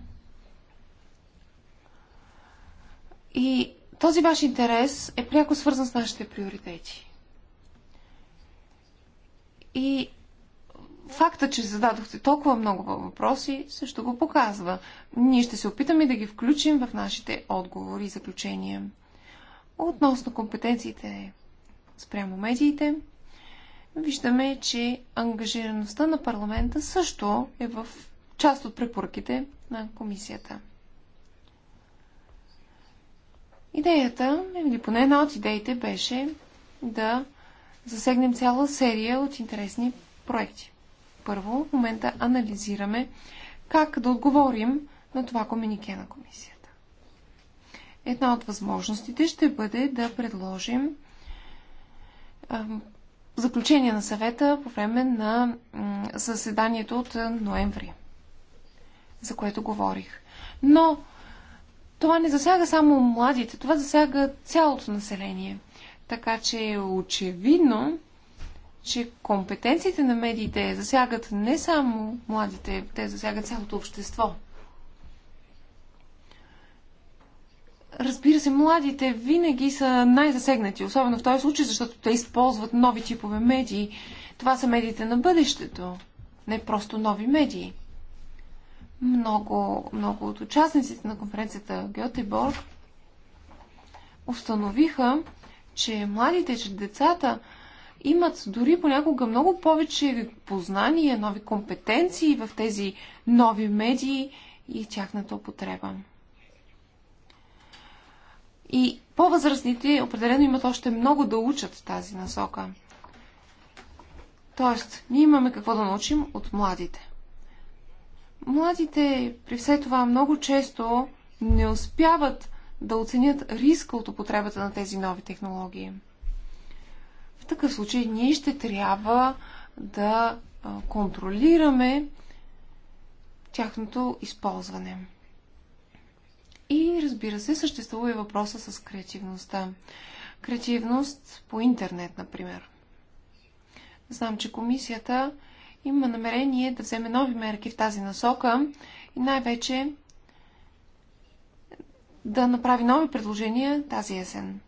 И този ваш интерес е пряко свързан с нашите приоритети. И факта, че зададохте толкова много въпроси, също го показва. Ние ще се опитаме да ги включим в нашите отговори и заключения. Относно компетенциите спрямо медиите, виждаме, че ангажираността на парламента също е в част от препоръките на комисията. Идеята, или поне една от идеите, беше да засегнем цяла серия от интересни проекти. Първо, в момента анализираме как да отговорим на това комюнике на комисията. Една от възможностите ще бъде да предложим заключение на съвета по време на съседанието от ноември, за което говорих. Но това не засяга само младите, това засяга цялото население. Така че е очевидно, че компетенциите на медиите засягат не само младите, те засягат цялото общество. Разбира се, младите винаги са най-засегнати, особено в този случай, защото те използват нови типове медии. Това са медиите на бъдещето, не просто нови медии много, много от участниците на конференцията Гьотеборг установиха, че младите, че децата имат дори понякога много повече познания, нови компетенции в тези нови медии и тяхната употреба. И по-възрастните определено имат още много да учат в тази насока. Тоест, ние имаме какво да научим от младите. Младите при все това много често не успяват да оценят риска от употребата на тези нови технологии. В такъв случай ние ще трябва да контролираме тяхното използване. И разбира се, съществува и въпроса с креативността. Креативност по интернет, например. Знам, че комисията има намерение да вземе нови мерки в тази насока и най-вече да направи нови предложения тази есен.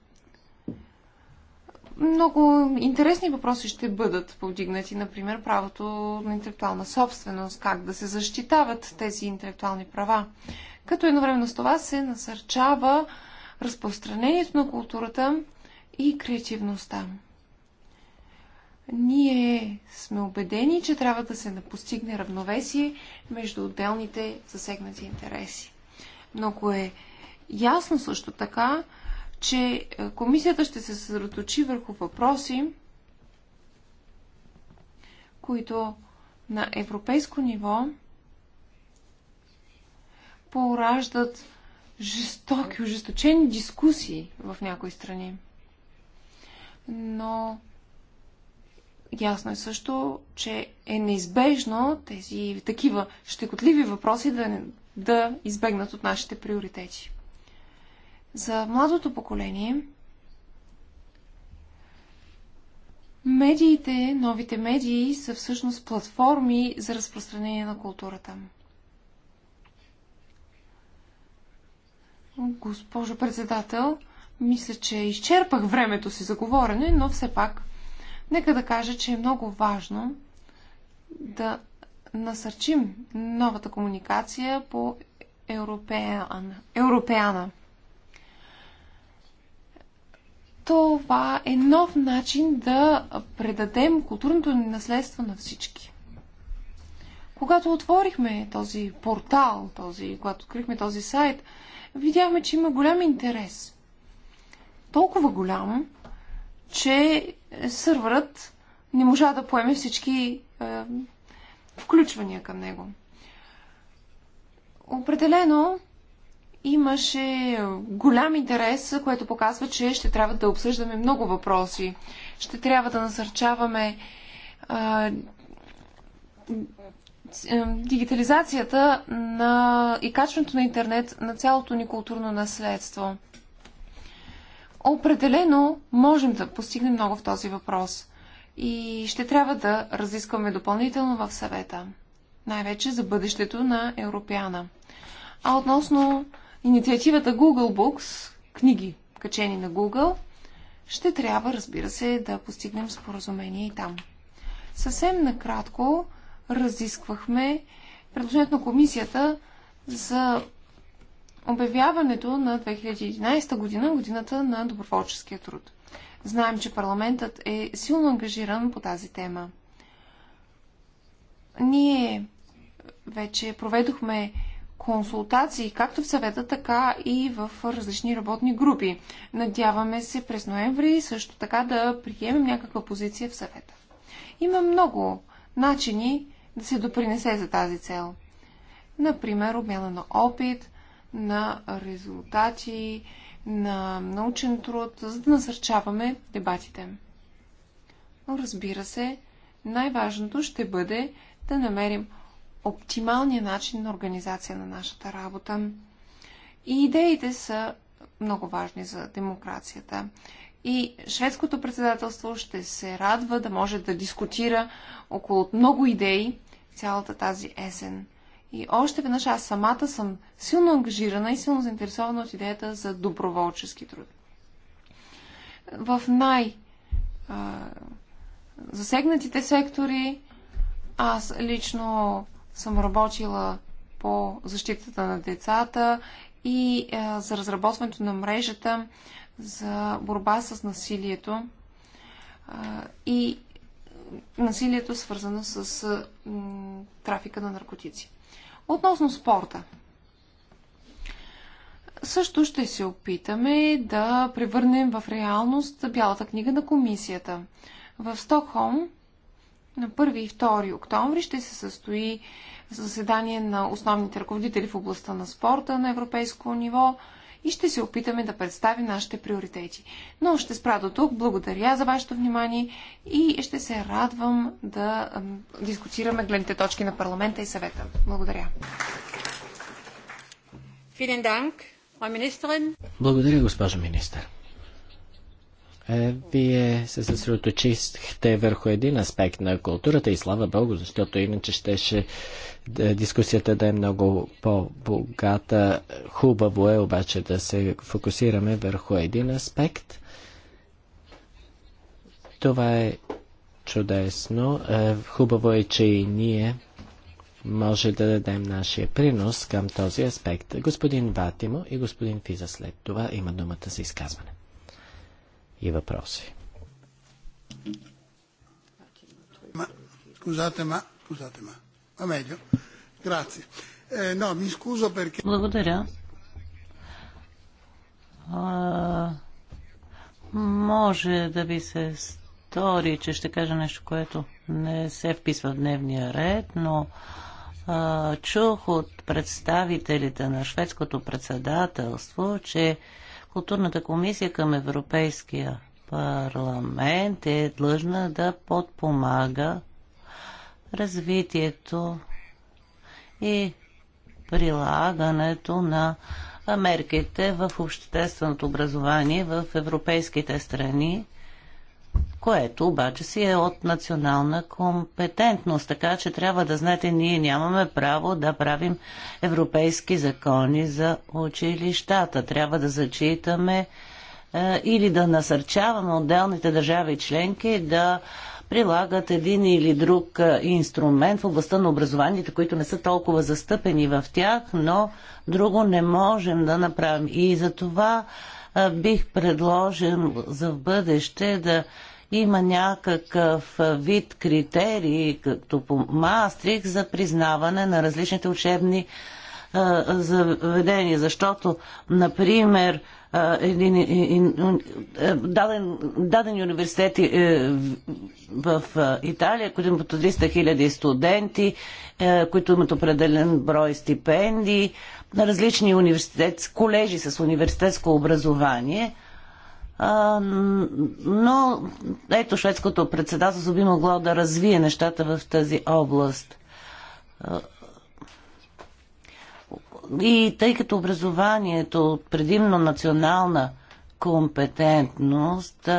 Много интересни въпроси ще бъдат повдигнати, например правото на интелектуална собственост, как да се защитават тези интелектуални права. Като едновременно с това се насърчава разпространението на културата и креативността. Ние сме убедени, че трябва да се постигне равновесие между отделните засегнати интереси. Много е ясно също така, че е, комисията ще се съсредоточи върху въпроси, които на европейско ниво пораждат жестоки, ожесточени дискусии в някои страни. Но Ясно е също, че е неизбежно тези такива щекотливи въпроси да, да избегнат от нашите приоритети. За младото поколение медиите, новите медии са всъщност платформи за разпространение на културата. Госпожо председател, мисля, че изчерпах времето си за говорене, но все пак Нека да кажа, че е много важно да насърчим новата комуникация по Европеана. Европеана. Това е нов начин да предадем културното ни наследство на всички. Когато отворихме този портал, този, когато открихме този сайт, видяхме, че има голям интерес. Толкова голям, че сървърът не можа да поеме всички е, включвания към него. Определено имаше голям интерес, което показва, че ще трябва да обсъждаме много въпроси. Ще трябва да насърчаваме е, е дигитализацията на, и качването на интернет на цялото ни културно наследство – Определено можем да постигнем много в този въпрос и ще трябва да разискваме допълнително в съвета, най-вече за бъдещето на Европеана. А относно инициативата Google Books, книги качени на Google, ще трябва, разбира се, да постигнем споразумение и там. Съвсем накратко разисквахме предложението на комисията за обявяването на 2011 година, годината на доброволческия труд. Знаем, че парламентът е силно ангажиран по тази тема. Ние вече проведохме консултации, както в съвета, така и в различни работни групи. Надяваме се през ноември също така да приемем някаква позиция в съвета. Има много начини да се допринесе за тази цел. Например, обмяна на опит, на резултати, на научен труд, за да насърчаваме дебатите. Но разбира се, най-важното ще бъде да намерим оптималния начин на организация на нашата работа. И идеите са много важни за демокрацията. И шведското председателство ще се радва да може да дискутира около много идеи цялата тази есен. И още веднъж аз самата съм силно ангажирана и силно заинтересована от идеята за доброволчески труд. В най- засегнатите сектори аз лично съм работила по защитата на децата и за разработването на мрежата за борба с насилието и насилието свързано с трафика на наркотици. Относно спорта. Също ще се опитаме да превърнем в реалност Бялата книга на комисията. В Стокхолм на 1 и 2 октомври ще се състои заседание на основните ръководители в областта на спорта на европейско ниво – и ще се опитаме да представим нашите приоритети. Но ще спра до тук. Благодаря за вашето внимание и ще се радвам да дискутираме гледните точки на парламента и съвета. Благодаря. Благодаря, госпожо министър. Е, вие се съсредоточихте върху един аспект на културата и слава Богу, защото иначе щеше е, дискусията да е много по-богата. Хубаво е обаче да се фокусираме върху един аспект. Това е чудесно. Е, хубаво е, че и ние може да дадем нашия принос към този аспект. Господин Ватимо и господин Физа след това има думата за изказване и въпроси. Eh, Благодаря. А, може да ви се стори, че ще кажа нещо, което не се вписва в дневния ред, но а, чух от представителите на шведското председателство, че Културната комисия към Европейския парламент е длъжна да подпомага развитието и прилагането на мерките в общественото образование в европейските страни което обаче си е от национална компетентност. Така че трябва да знаете, ние нямаме право да правим европейски закони за училищата. Трябва да зачитаме е, или да насърчаваме отделните държави членки да прилагат един или друг е, инструмент в областта на образованието, които не са толкова застъпени в тях, но друго не можем да направим. И за това е, бих предложил за в бъдеще да има някакъв вид критерии, като по Маастрих, за признаване на различните учебни заведения, защото, например, един, даден, дадени университети е, в Италия, които имат 300 хиляди студенти, е, които имат определен брой стипендии, на различни университет, колежи с университетско образование – но ето шведското председателство би могло да развие нещата в тази област. И тъй като образованието предимно национална компетентност,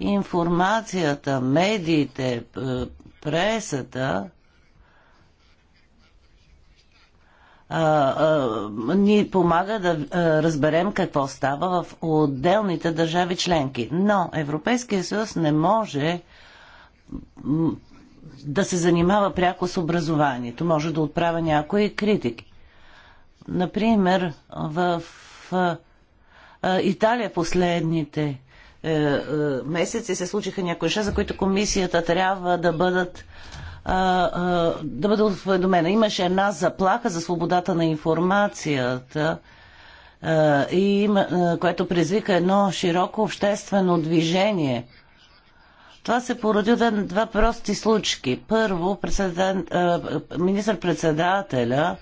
информацията, медиите, пресата ни помага да разберем какво става в отделните държави членки. Но Европейския съюз не може да се занимава пряко с образованието. Може да отправя някои критики. Например, в Италия последните е, е, месеци се случиха някои неща, за които комисията трябва да бъдат да бъде осведомена. Имаше една заплаха за свободата на информацията, и, което призвика едно широко обществено движение. Това се породи от два прости случки. Първо, министър-председателя,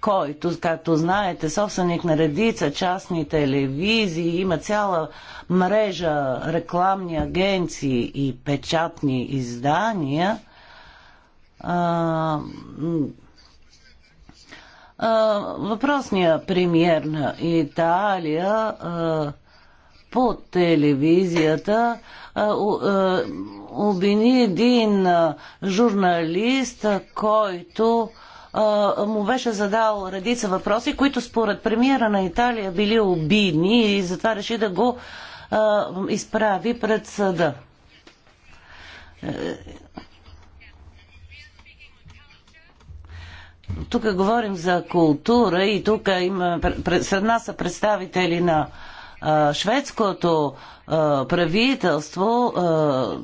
който, както знаете, собственик на редица частни телевизии, има цяла мрежа рекламни агенции и печатни издания – въпросния премьер на Италия а, по телевизията обвини един журналист, който му беше задал редица въпроси, които според премиера на Италия били обидни и затова реши да го изправи пред съда. Е, Тук говорим за култура и тук има, сред нас са представители на а, шведското а, правителство. А,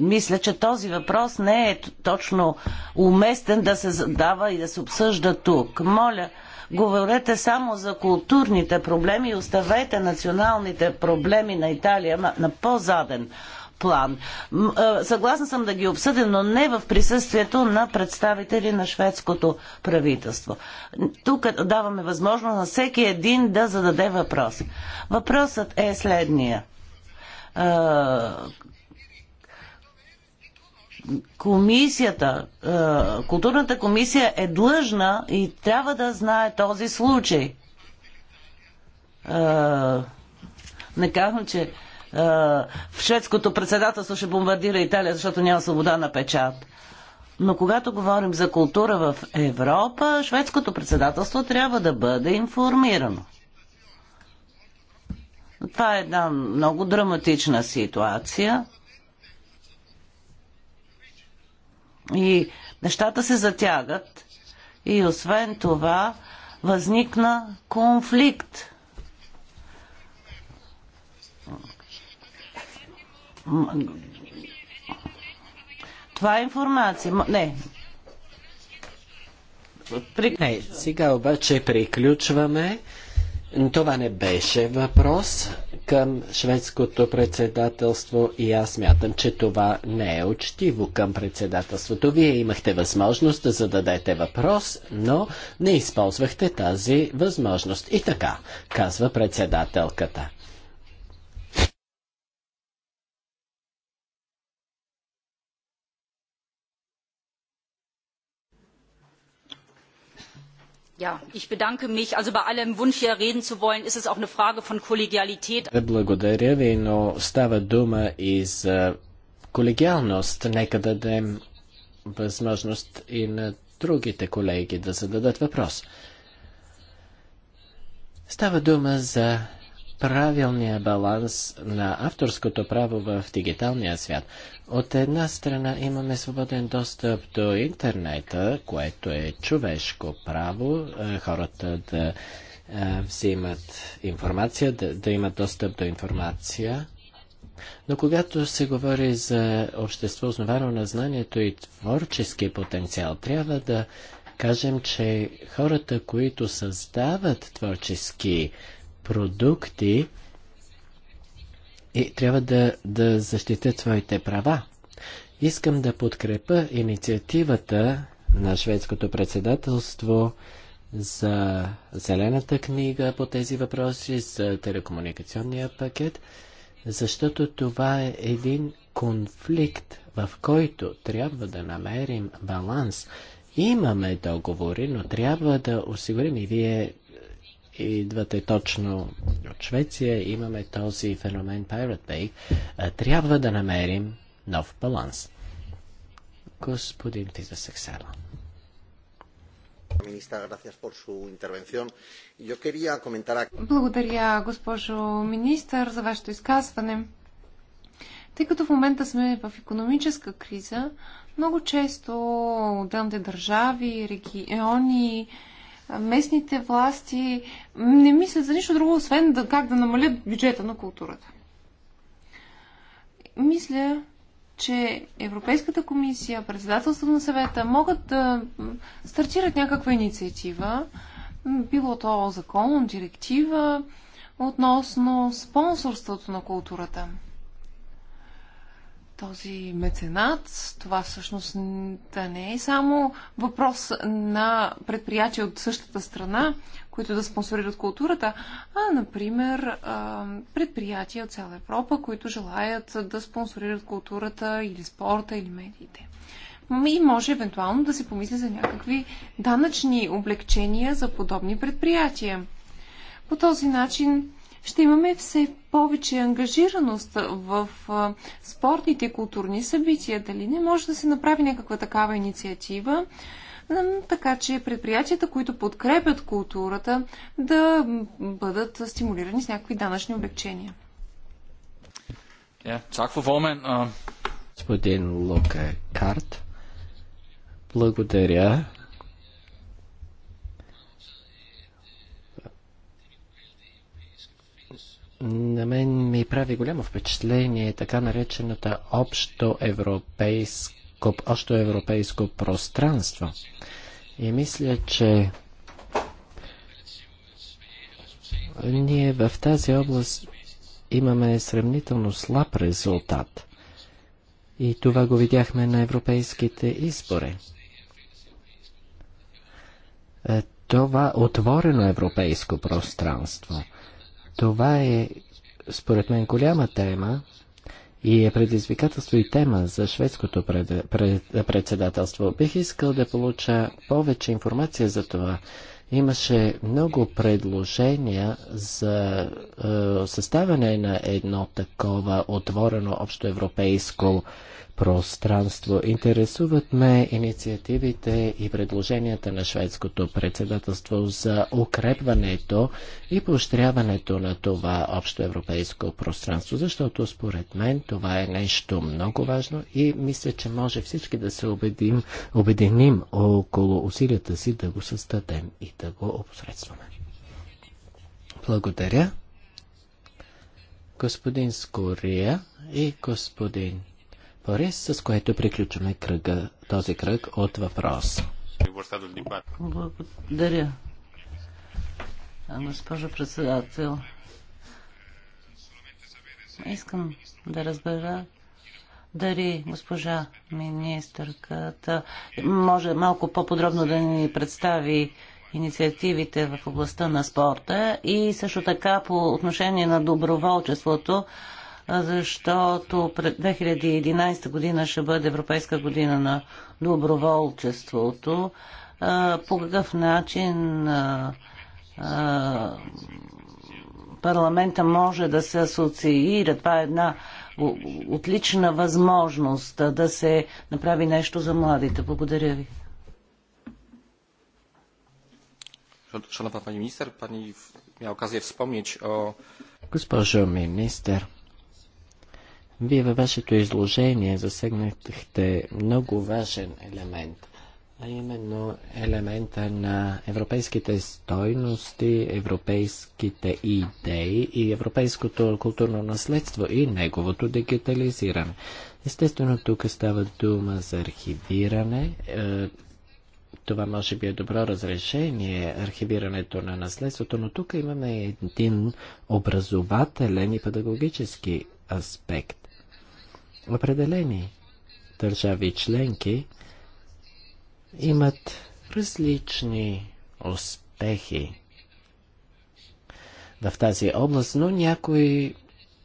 мисля, че този въпрос не е точно уместен да се задава и да се обсъжда тук. Моля, говорете само за културните проблеми и оставете националните проблеми на Италия на по-заден план. Съгласна съм да ги обсъдим, но не в присъствието на представители на шведското правителство. Тук даваме възможност на всеки един да зададе въпрос. Въпросът е следния. Комисията, културната комисия е длъжна и трябва да знае този случай. Не казвам, че е, в шведското председателство ще бомбардира Италия, защото няма свобода на печат. Но когато говорим за култура в Европа, шведското председателство трябва да бъде информирано. Това е една много драматична ситуация. И нещата се затягат. И освен това възникна конфликт Това е информация. Не. При... Не, сега обаче приключваме. Това не беше въпрос към шведското председателство и аз мятам, че това не е учтиво към председателството. Вие имахте възможност да зададете въпрос, но не използвахте тази възможност. И така, казва председателката. ich bedanke mich. Also bei allem Wunsch hier reden zu wollen, ist es auch eine Frage von Kollegialität. Благодаря ви, но става дума и за колегиалност. Нека дадем възможност и на другите колеги да зададат въпрос. Става дума за правилния баланс на авторското право в дигиталния свят. От една страна имаме свободен достъп до интернета, което е човешко право, е, хората да е, взимат информация, да, да имат достъп до информация. Но когато се говори за общество, основано на знанието и творчески потенциал, трябва да кажем, че хората, които създават творчески продукти и трябва да, да защитя своите права. Искам да подкрепа инициативата на шведското председателство за зелената книга по тези въпроси, за телекомуникационния пакет, защото това е един конфликт, в който трябва да намерим баланс. Имаме договори, но трябва да осигурим и вие идвате точно от Швеция, имаме този феномен Pirate Bay, трябва да намерим нов баланс. Господин Тиза Сексела. Благодаря, госпожо министър, за вашето изказване. Тъй като в момента сме в економическа криза, много често отделните държави, региони, местните власти не мислят за нищо друго, освен да, как да намалят бюджета на културата. Мисля, че Европейската комисия, председателството на съвета могат да стартират някаква инициатива, било то закон, директива, относно спонсорството на културата – този меценат, това всъщност да не е само въпрос на предприятия от същата страна, които да спонсорират културата, а, например, предприятия от цяла Европа, които желаят да спонсорират културата или спорта или медиите. И може евентуално да се помисли за някакви данъчни облегчения за подобни предприятия. По този начин ще имаме все повече ангажираност в спортните културни събития. Дали не може да се направи някаква такава инициатива, така че предприятията, които подкрепят културата, да бъдат стимулирани с някакви данъчни облегчения. Ja, Господин Лука Карт, благодаря. на мен ми прави голямо впечатление така наречената общо европейско, общо европейско пространство. И мисля, че ние в тази област имаме сравнително слаб резултат. И това го видяхме на европейските избори. Е, това отворено европейско пространство – това е, според мен, голяма тема и е предизвикателство и тема за шведското пред, пред, председателство. Бих искал да получа повече информация за това. Имаше много предложения за е, съставяне на едно такова отворено общоевропейско европейско пространство. Интересуват ме инициативите и предложенията на шведското председателство за укрепването и поощряването на това общо европейско пространство, защото според мен това е нещо много важно и мисля, че може всички да се убедим, обединим около усилията си да го създадем и да го опосредстваме. Благодаря. Господин Скория и господин Борис, с което приключваме кръга, този кръг от въпрос. Благодаря. Госпожо председател, искам да разбера дали госпожа министърката може малко по-подробно да ни представи инициативите в областта на спорта и също така по отношение на доброволчеството защото през 2011 година ще бъде Европейска година на доброволчеството. По какъв начин парламента може да се асоциира? Това е една отлична възможност да се направи нещо за младите. Благодаря ви. Е Госпожо министър, вие във вашето изложение засегнахте много важен елемент, а именно елемента на европейските стойности, европейските идеи и европейското културно наследство и неговото дигитализиране. Естествено, тук става дума за архивиране. Е, това може би е добро разрешение, архивирането на наследството, но тук имаме един образователен и педагогически аспект определени държави членки имат различни успехи в тази област, но някои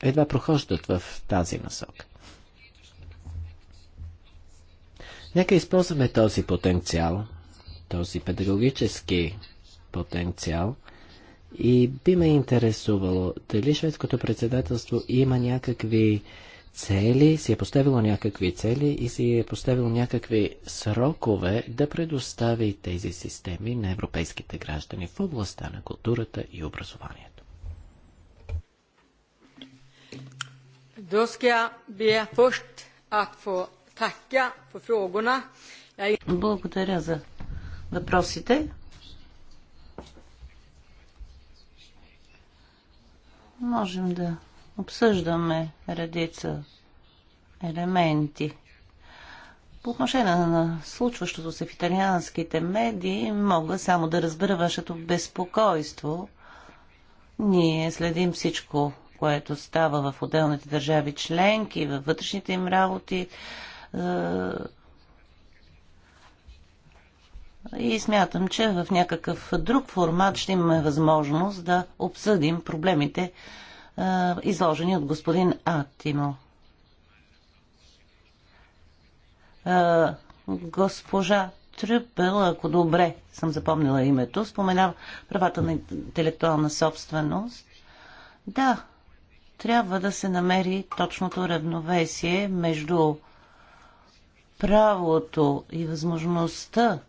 едва прохождат в тази насока. Нека използваме този потенциал, този педагогически потенциал и би ме интересувало дали шведското председателство има някакви цели, си е поставило някакви цели и си е поставило някакви срокове да предостави тези системи на европейските граждани в областта на културата и образованието. Благодаря за въпросите. Можем да обсъждаме редица елементи. По отношение на случващото се в италианските медии, мога само да разбера вашето безпокойство. Ние следим всичко, което става в отделните държави членки, във вътрешните им работи. Е, и смятам, че в някакъв друг формат ще имаме възможност да обсъдим проблемите, изложени от господин Атимо. госпожа Трюпел, ако добре съм запомнила името, споменава правата на интелектуална собственост. Да, трябва да се намери точното равновесие между правото и възможността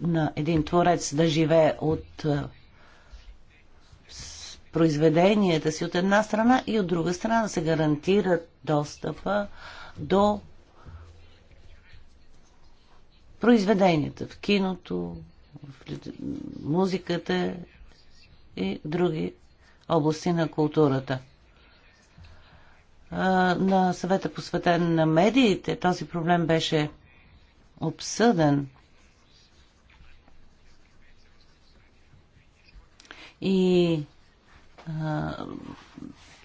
на един творец да живее от произведенията си от една страна и от друга страна да се гарантира достъпа до произведенията в киното, в музиката и други области на културата. На съвета посветен на медиите този проблем беше обсъден. И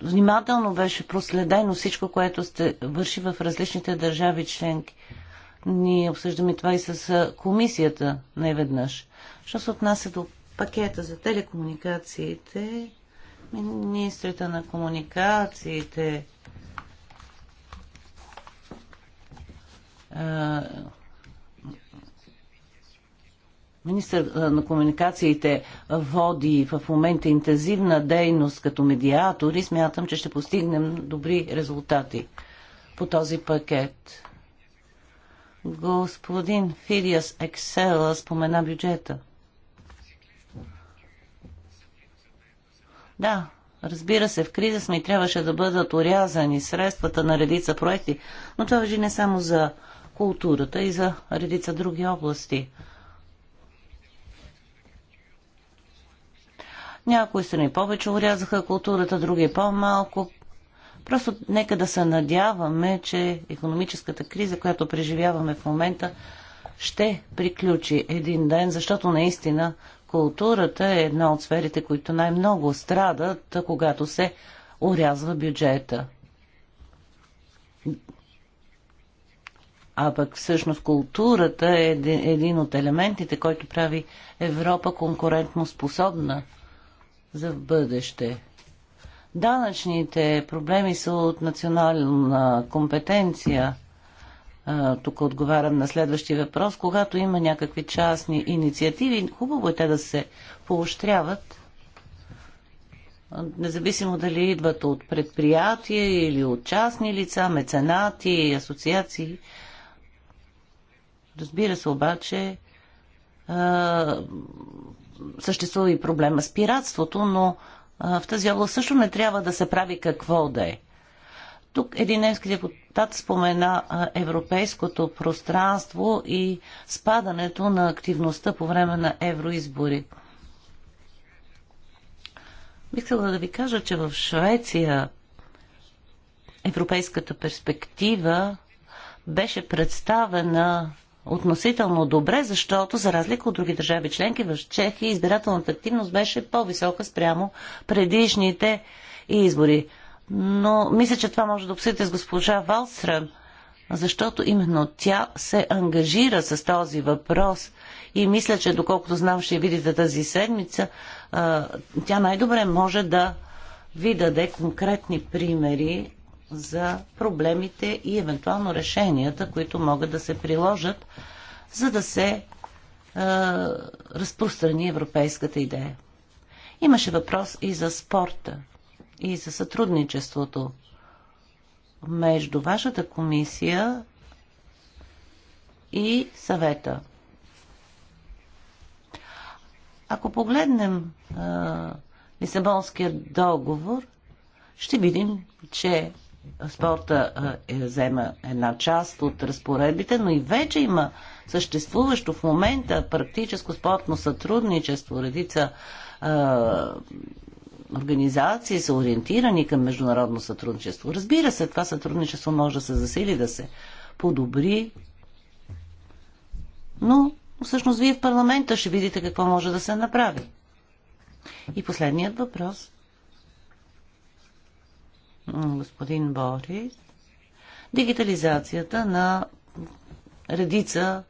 внимателно беше проследено всичко, което сте върши в различните държави членки. Ние обсъждаме това и с комисията неведнъж. Що се отнася до пакета за телекомуникациите, министрите на комуникациите, Министър на комуникациите води в момента интензивна дейност като медиатор и смятам, че ще постигнем добри резултати по този пакет. Господин Филиас Ексела спомена бюджета. Да, разбира се, в криза сме и трябваше да бъдат урязани средствата на редица проекти, но това въжи не само за културата и за редица други области – Някои страни повече урязаха културата, други по-малко. Просто нека да се надяваме, че економическата криза, която преживяваме в момента, ще приключи един ден, защото наистина културата е една от сферите, които най-много страдат, когато се урязва бюджета. А пък всъщност културата е един от елементите, който прави Европа конкурентно способна за в бъдеще. Данъчните проблеми са от национална компетенция. Тук отговарям на следващия въпрос. Когато има някакви частни инициативи, хубаво е те да се поощряват, независимо дали идват от предприятия или от частни лица, меценати, асоциации. Разбира се, обаче съществува и проблема с пиратството, но в тази област също не трябва да се прави какво да е. Тук един немски депутат спомена европейското пространство и спадането на активността по време на евроизбори. Бих да ви кажа, че в Швеция европейската перспектива беше представена относително добре, защото за разлика от други държави членки в Чехия избирателната активност беше по-висока спрямо предишните избори. Но мисля, че това може да обсъдите с госпожа Валстрън, защото именно тя се ангажира с този въпрос. И мисля, че доколкото знам, ще видите тази седмица, тя най-добре може да ви даде конкретни примери за проблемите и евентуално решенията, които могат да се приложат, за да се е, разпространи европейската идея. Имаше въпрос и за спорта, и за сътрудничеството между вашата комисия и съвета. Ако погледнем е, Лисабонския договор, ще видим, че спорта е, взема една част от разпоредбите, но и вече има съществуващо в момента практическо спортно сътрудничество. Редица е, организации са ориентирани към международно сътрудничество. Разбира се, това сътрудничество може да се засили, да се подобри, но всъщност вие в парламента ще видите какво може да се направи. И последният въпрос – господин Борис дигитализацията на редица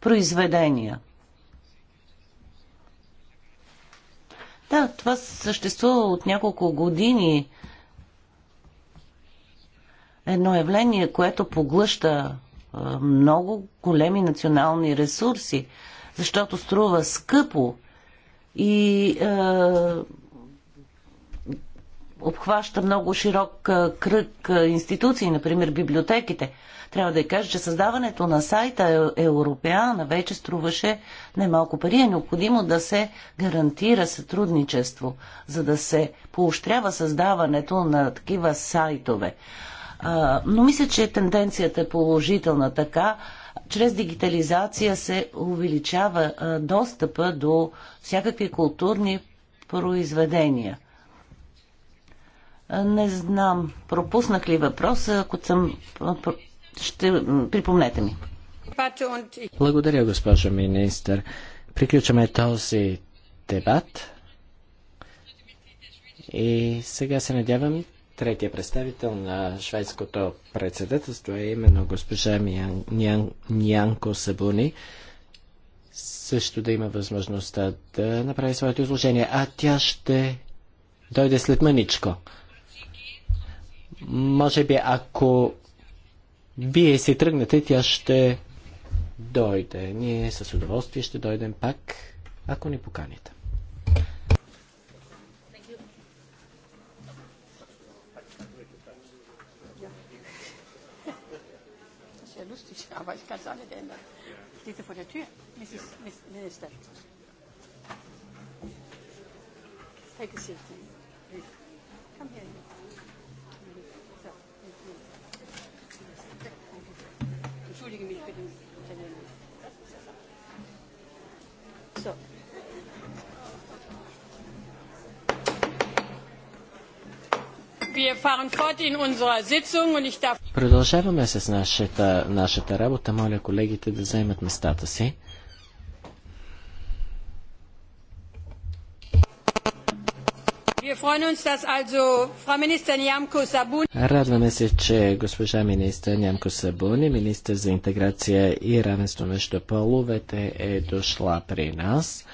произведения. Да, това съществува от няколко години. Едно явление, което поглъща много големи национални ресурси, защото струва скъпо и е, обхваща много широк кръг институции, например библиотеките. Трябва да я кажа, че създаването на сайта е, е Европеана вече струваше немалко пари. Е необходимо да се гарантира сътрудничество, за да се поощрява създаването на такива сайтове. Но мисля, че тенденцията е положителна така. Чрез дигитализация се увеличава достъпа до всякакви културни произведения – не знам, пропуснах ли въпроса, ако съм... Ще припомнете ми. Благодаря, госпожо министър. Приключваме този дебат. И сега се надявам третия представител на шведското председателство е именно госпожа Нян, Нянко Сабуни също да има възможността да направи своето изложение. А тя ще дойде след мъничко. Може би, ако вие си тръгнете, тя ще дойде. Ние с удоволствие ще дойдем пак, ако ни поканите. aber ich kann es auch nicht ändern. Steht sie vor der Tür, Mrs. Miss Minister. Take a seat, please. Come here. entschuldige mich für den Termin. So. Продължаваме с нашата, нашата работа. Моля колегите да вземат местата си. Радваме се, че госпожа министър Нямко Сабуни, министър за интеграция и равенство между половете, е дошла при нас.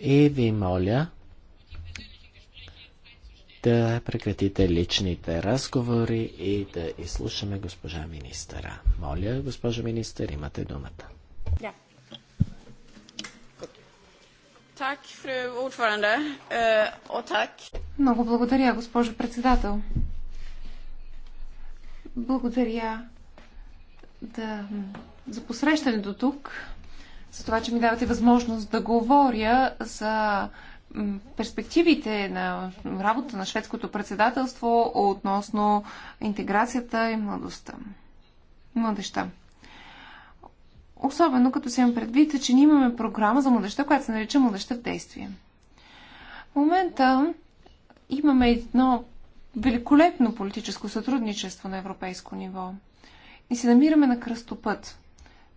И ви моля да прекратите личните разговори и да изслушаме госпожа министъра. Моля, госпожа министър, имате думата. Да. Так, фру так. Много благодаря, госпожо председател. Благодаря да, за посрещането тук, за това, че ми давате възможност да говоря за перспективите на работа на шведското председателство относно интеграцията и младостта. Младеща. Особено като се имам предвид, че ние имаме програма за младеща, която се нарича Младеща в действие. В момента имаме едно великолепно политическо сътрудничество на европейско ниво. И се намираме на кръстопът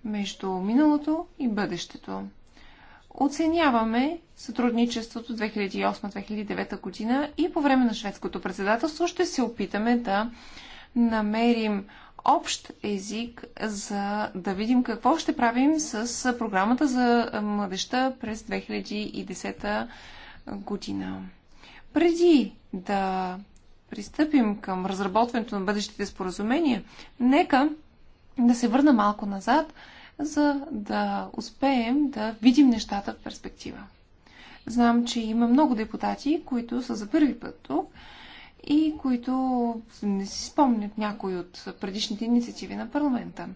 между миналото и бъдещето. Оценяваме сътрудничеството 2008-2009 година и по време на шведското председателство ще се опитаме да намерим общ език, за да видим какво ще правим с програмата за младеща през 2010 година. Преди да пристъпим към разработването на бъдещите споразумения, нека да се върна малко назад, за да успеем да видим нещата в перспектива. Знам, че има много депутати, които са за първи път тук и които не си спомнят някои от предишните инициативи на парламента.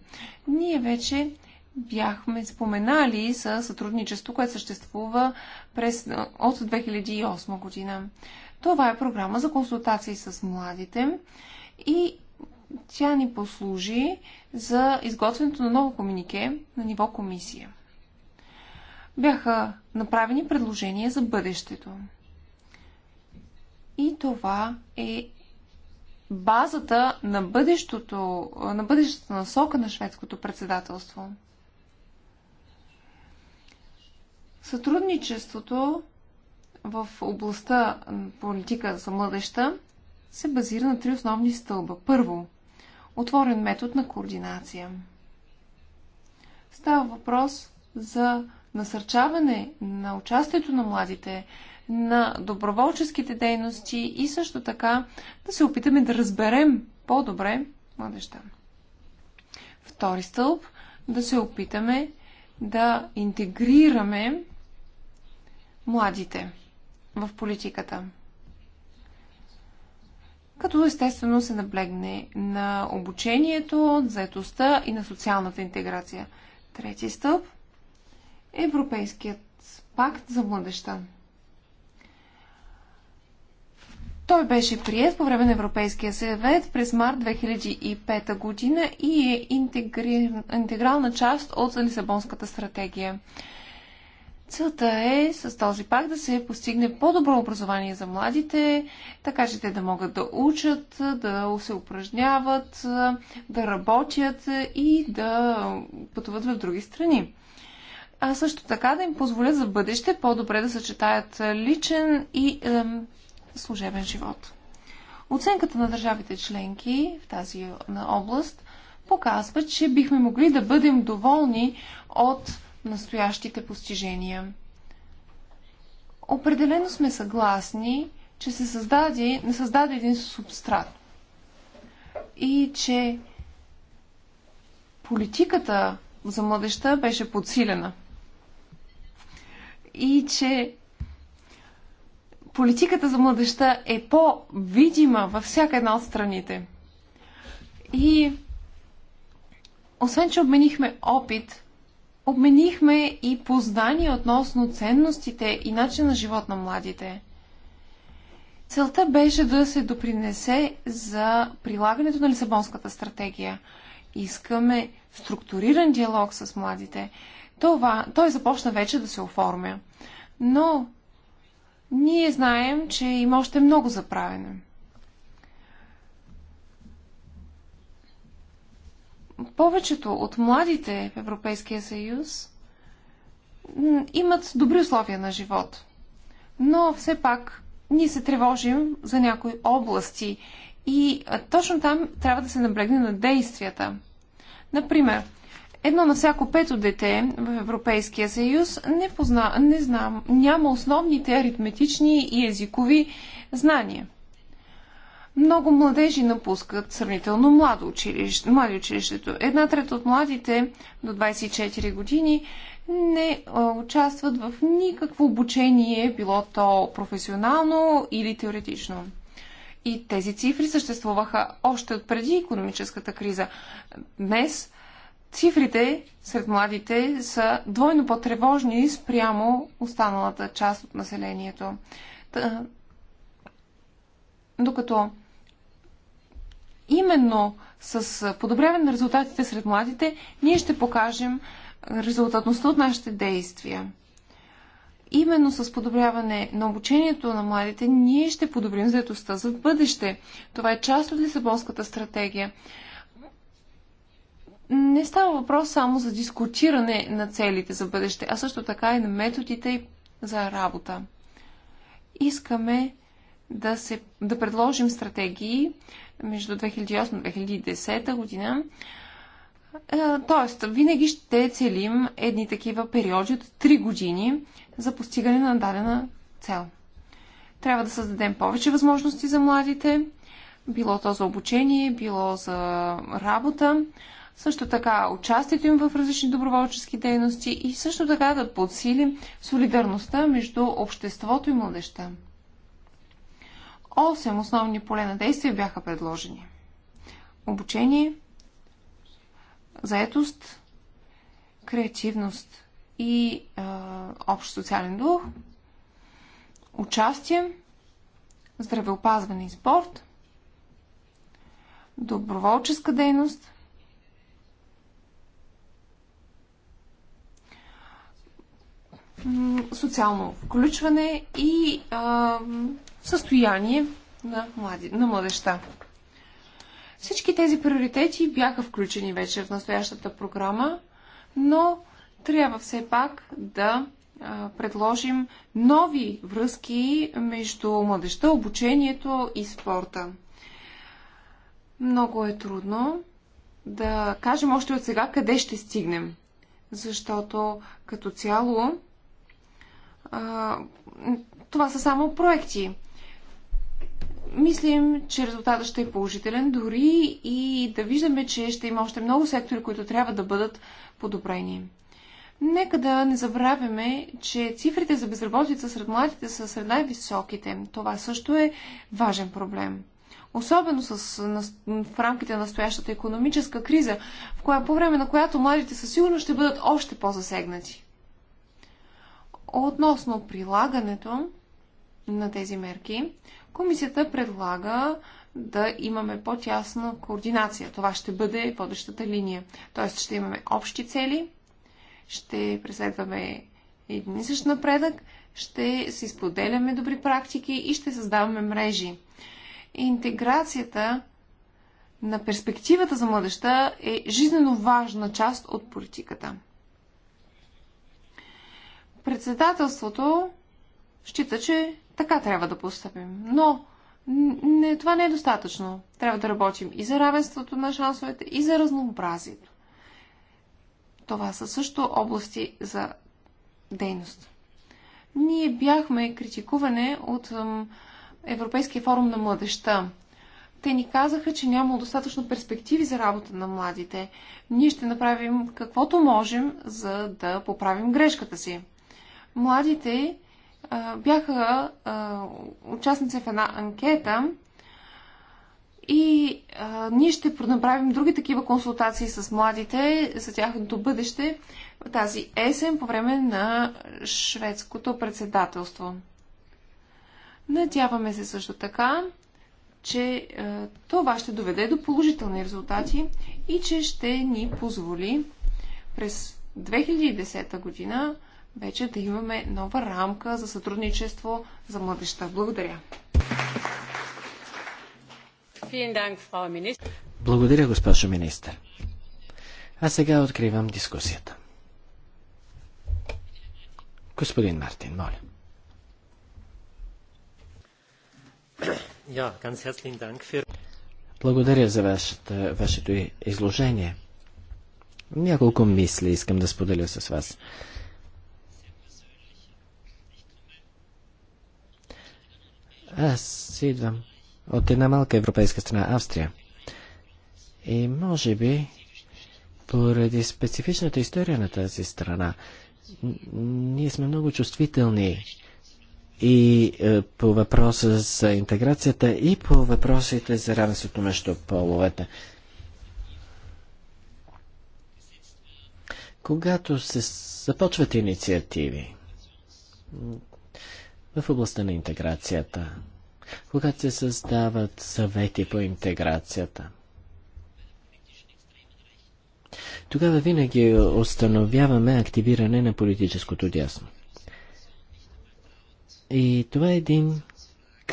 Ние вече бяхме споменали за сътрудничество, което съществува през, от 2008 година. Това е програма за консултации с младите и тя ни послужи за изготвянето на ново комунике на ниво комисия. Бяха направени предложения за бъдещето. И това е базата на, бъдещото, на бъдещата насока на шведското председателство. Сътрудничеството в областта на политика за младеща се базира на три основни стълба. Първо, отворен метод на координация. Става въпрос за насърчаване на участието на младите на доброволческите дейности и също така да се опитаме да разберем по-добре младеща. Втори стълб да се опитаме да интегрираме младите в политиката. Като естествено се наблегне на обучението, заетостта и на социалната интеграция. Трети стълб Европейският пакт за младеща. Той беше прият по време на Европейския съвет през март 2005 година и е интегри... интегрална част от Лисабонската стратегия. Целта е с този пак да се постигне по-добро образование за младите, така че те да могат да учат, да се упражняват, да работят и да пътуват в други страни. А също така да им позволят за бъдеще по-добре да съчетаят личен и служебен живот. Оценката на държавите членки в тази област показва, че бихме могли да бъдем доволни от настоящите постижения. Определено сме съгласни, че се създаде, не създаде един субстрат и че политиката за младеща беше подсилена и че политиката за младеща е по-видима във всяка една от страните. И освен, че обменихме опит, обменихме и познания относно ценностите и начин на живот на младите. Целта беше да се допринесе за прилагането на Лисабонската стратегия. Искаме структуриран диалог с младите. Това, той започна вече да се оформя. Но ние знаем, че има още много за правене. Повечето от младите в Европейския съюз имат добри условия на живот. Но все пак ние се тревожим за някои области и точно там трябва да се наблегне на действията. Например, Едно на всяко пето дете в Европейския съюз не, позна, не знам, няма основните аритметични и езикови знания. Много младежи напускат сравнително младо училище, млади училището. Една трета от младите до 24 години не участват в никакво обучение, било то професионално или теоретично. И тези цифри съществуваха още от преди економическата криза. Днес цифрите сред младите са двойно по-тревожни спрямо останалата част от населението. Та, докато именно с подобряване на резултатите сред младите, ние ще покажем резултатността от нашите действия. Именно с подобряване на обучението на младите, ние ще подобрим заедостта за бъдеще. Това е част от Лисабонската стратегия не става въпрос само за дискутиране на целите за бъдеще, а също така и на методите за работа. Искаме да, се, да предложим стратегии между 2008-2010 година. Е, тоест, винаги ще целим едни такива периоди от 3 години за постигане на дадена цел. Трябва да създадем повече възможности за младите, било то за обучение, било за работа също така участието им в различни доброволчески дейности и също така да подсилим солидарността между обществото и младеща. Осем основни поле на действие бяха предложени. Обучение, заетост, креативност и е, общ социален дух, участие, здравеопазване и спорт, доброволческа дейност – социално включване и а, състояние на, млади, на младеща. Всички тези приоритети бяха включени вече в настоящата програма, но трябва все пак да а, предложим нови връзки между младеща, обучението и спорта. Много е трудно да кажем още от сега къде ще стигнем, защото като цяло а, това са само проекти. Мислим, че резултатът ще е положителен, дори и да виждаме, че ще има още много сектори, които трябва да бъдат подобрени. Нека да не забравяме, че цифрите за безработица сред младите са сред най-високите. Това също е важен проблем. Особено с, в рамките на настоящата економическа криза, в коя, по време на която младите със сигурност ще бъдат още по-засегнати. Относно прилагането на тези мерки, комисията предлага да имаме по-тясна координация. Това ще бъде водещата линия. Тоест ще имаме общи цели, ще преследваме един и същ напредък, ще се споделяме добри практики и ще създаваме мрежи. Интеграцията на перспективата за младеща е жизненно важна част от политиката председателството счита, че така трябва да постъпим. Но не, това не е достатъчно. Трябва да работим и за равенството на шансовете, и за разнообразието. Това са също области за дейност. Ние бяхме критикуване от Европейския форум на младеща. Те ни казаха, че няма достатъчно перспективи за работа на младите. Ние ще направим каквото можем, за да поправим грешката си младите а, бяха а, участници в една анкета и а, ние ще направим други такива консултации с младите за тяхното бъдеще тази есен по време на шведското председателство. Надяваме се също така, че а, е, това ще доведе до положителни резултати и че ще ни позволи през 2010 година вече да имаме нова рамка за сътрудничество за младеща. Благодаря. Благодаря, госпожо министър. А сега откривам дискусията. Господин Мартин, моля. Благодаря за вашето, вашето изложение. Няколко мисли искам да споделя с вас. Аз идвам от една малка европейска страна, Австрия. И може би, поради специфичната история на тази страна, ние сме много чувствителни и е, по въпроса за интеграцията, и по въпросите за равенството между половете. Когато се започват инициативи, в областта на интеграцията, когато се създават съвети по интеграцията. Тогава винаги установяваме активиране на политическото дясно. И това е един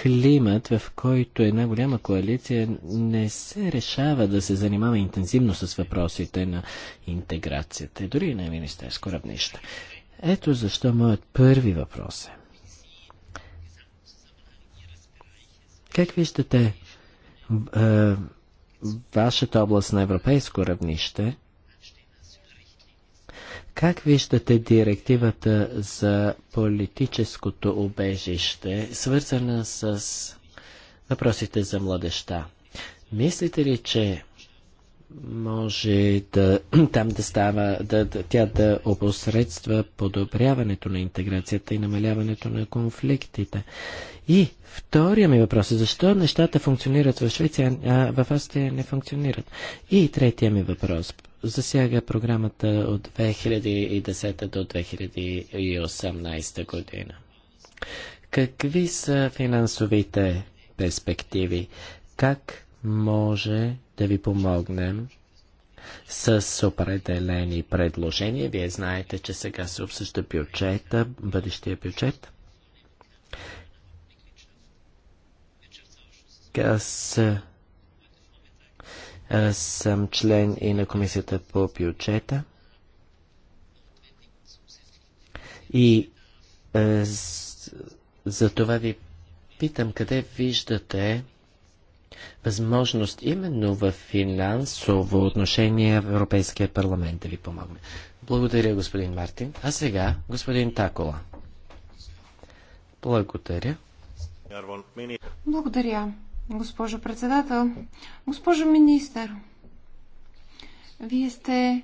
климат, в който една голяма коалиция не се решава да се занимава интензивно с въпросите на интеграцията, дори и на министерско равнище. Ето защо моят първи въпрос е. Как виждате е, вашата област на европейско равнище? Как виждате директивата за политическото убежище, свързана с въпросите за младеща? Мислите ли, че може да, там да става, да, да, тя да обосредства подобряването на интеграцията и намаляването на конфликтите. И втория ми въпрос е защо нещата функционират в Швеция, а в Австрия не функционират. И третия ми въпрос засяга програмата от 2010 до 2018 година. Какви са финансовите перспективи? Как може да ви помогнем с определени предложения? Вие знаете, че сега се обсъжда бюджета, бъдещия бюджет. Аз аз съм член и на комисията по бюджета. И аз, е, за това ви питам, къде виждате възможност именно в финансово отношение в Европейския парламент да ви помогне. Благодаря, господин Мартин. А сега, господин Такола. Благодаря. Благодаря госпожо председател. Госпожо министър, вие сте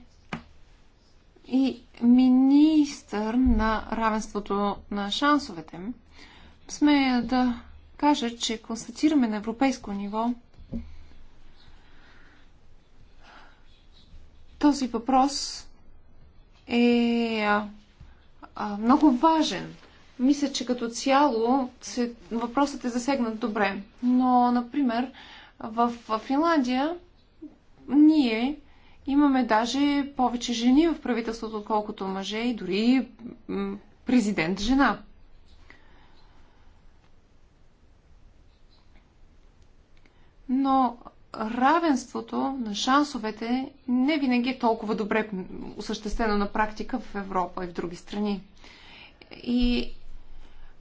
и министър на равенството на шансовете. Смея да кажа, че констатираме на европейско ниво този въпрос е много важен мисля, че като цяло се, въпросът е засегнат добре. Но, например, в, в Финландия ние имаме даже повече жени в правителството, отколкото мъже и дори президент жена. Но равенството на шансовете не винаги е толкова добре осъществено на практика в Европа и в други страни. И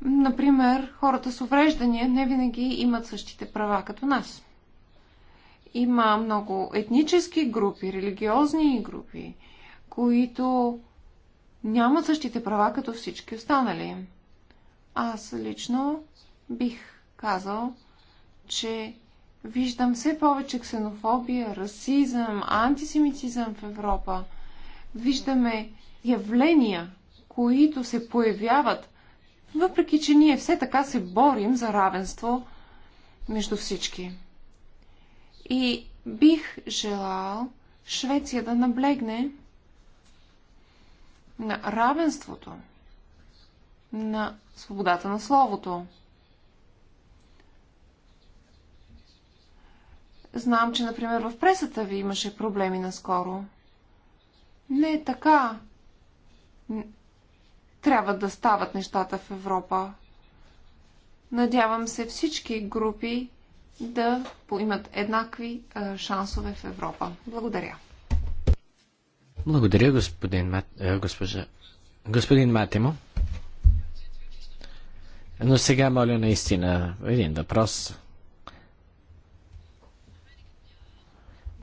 Например, хората с увреждания не винаги имат същите права като нас. Има много етнически групи, религиозни групи, които нямат същите права като всички останали. Аз лично бих казал, че виждам все повече ксенофобия, расизъм, антисемитизъм в Европа. Виждаме явления, които се появяват – въпреки че ние все така се борим за равенство между всички. И бих желал Швеция да наблегне на равенството, на свободата на словото. Знам, че, например, в пресата ви имаше проблеми наскоро. Не е така трябва да стават нещата в Европа. Надявам се всички групи да имат еднакви шансове в Европа. Благодаря. Благодаря, господин, Мат... госпожа... господин Матимо. Но сега моля наистина един въпрос.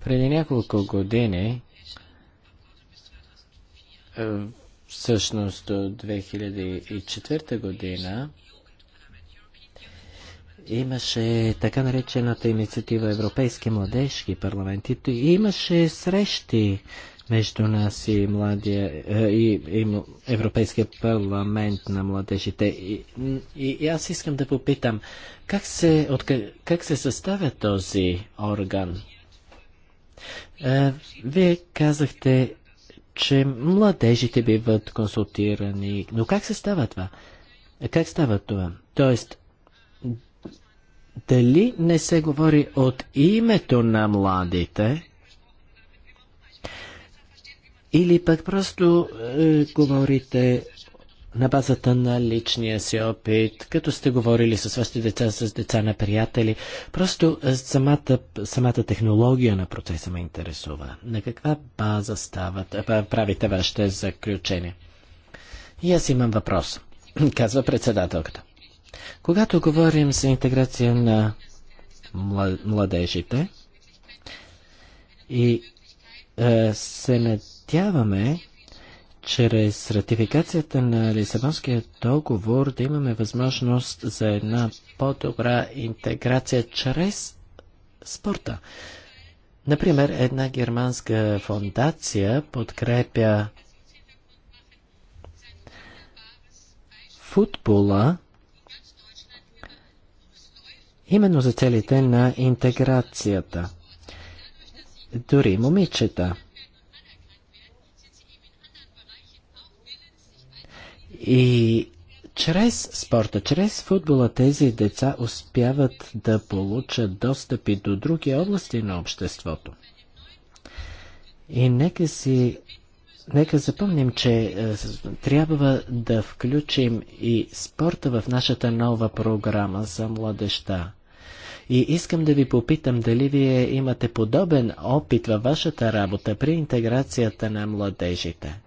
Преди няколко години Всъщност до 2004 година имаше така наречената инициатива Европейски младежки парламенти. И имаше срещи между нас и, младия, е, и, и Европейския парламент на младежите. И, и, и аз искам да попитам, как се, от, как се съставя този орган? Е, вие казахте, че младежите биват консултирани. Но как се става това? Как става това? Тоест, дали не се говори от името на младите, или пък просто е, говорите на базата на личния си опит, като сте говорили с вашите деца, с деца на приятели. Просто е, самата, самата технология на процеса ме интересува. На каква база стават, е, правите вашите заключения? И аз имам въпрос, казва председателката. Когато говорим за интеграция на младежите и е, се надяваме, чрез ратификацията на Лисабонския договор да имаме възможност за една по-добра интеграция чрез спорта. Например, една германска фондация подкрепя футбола именно за целите на интеграцията. Дори момичета. И чрез спорта, чрез футбола тези деца успяват да получат достъпи до други области на обществото. И нека си Нека запомним, че е, трябва да включим и спорта в нашата нова програма за младеща. И искам да ви попитам дали вие имате подобен опит във вашата работа при интеграцията на младежите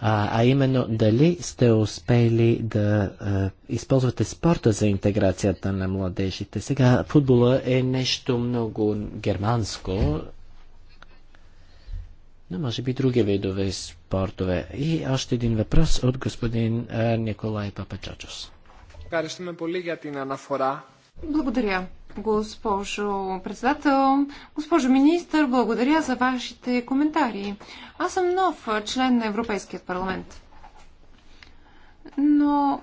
а, а именно дали сте успели да а, използвате спорта за интеграцията на младежите. Сега футбола е нещо много германско, но може би други видове спортове. И още един въпрос от господин а, Николай Папачочос. Благодаря. Госпожо председател, госпожо министър, благодаря за вашите коментари. Аз съм нов член на Европейският парламент. Но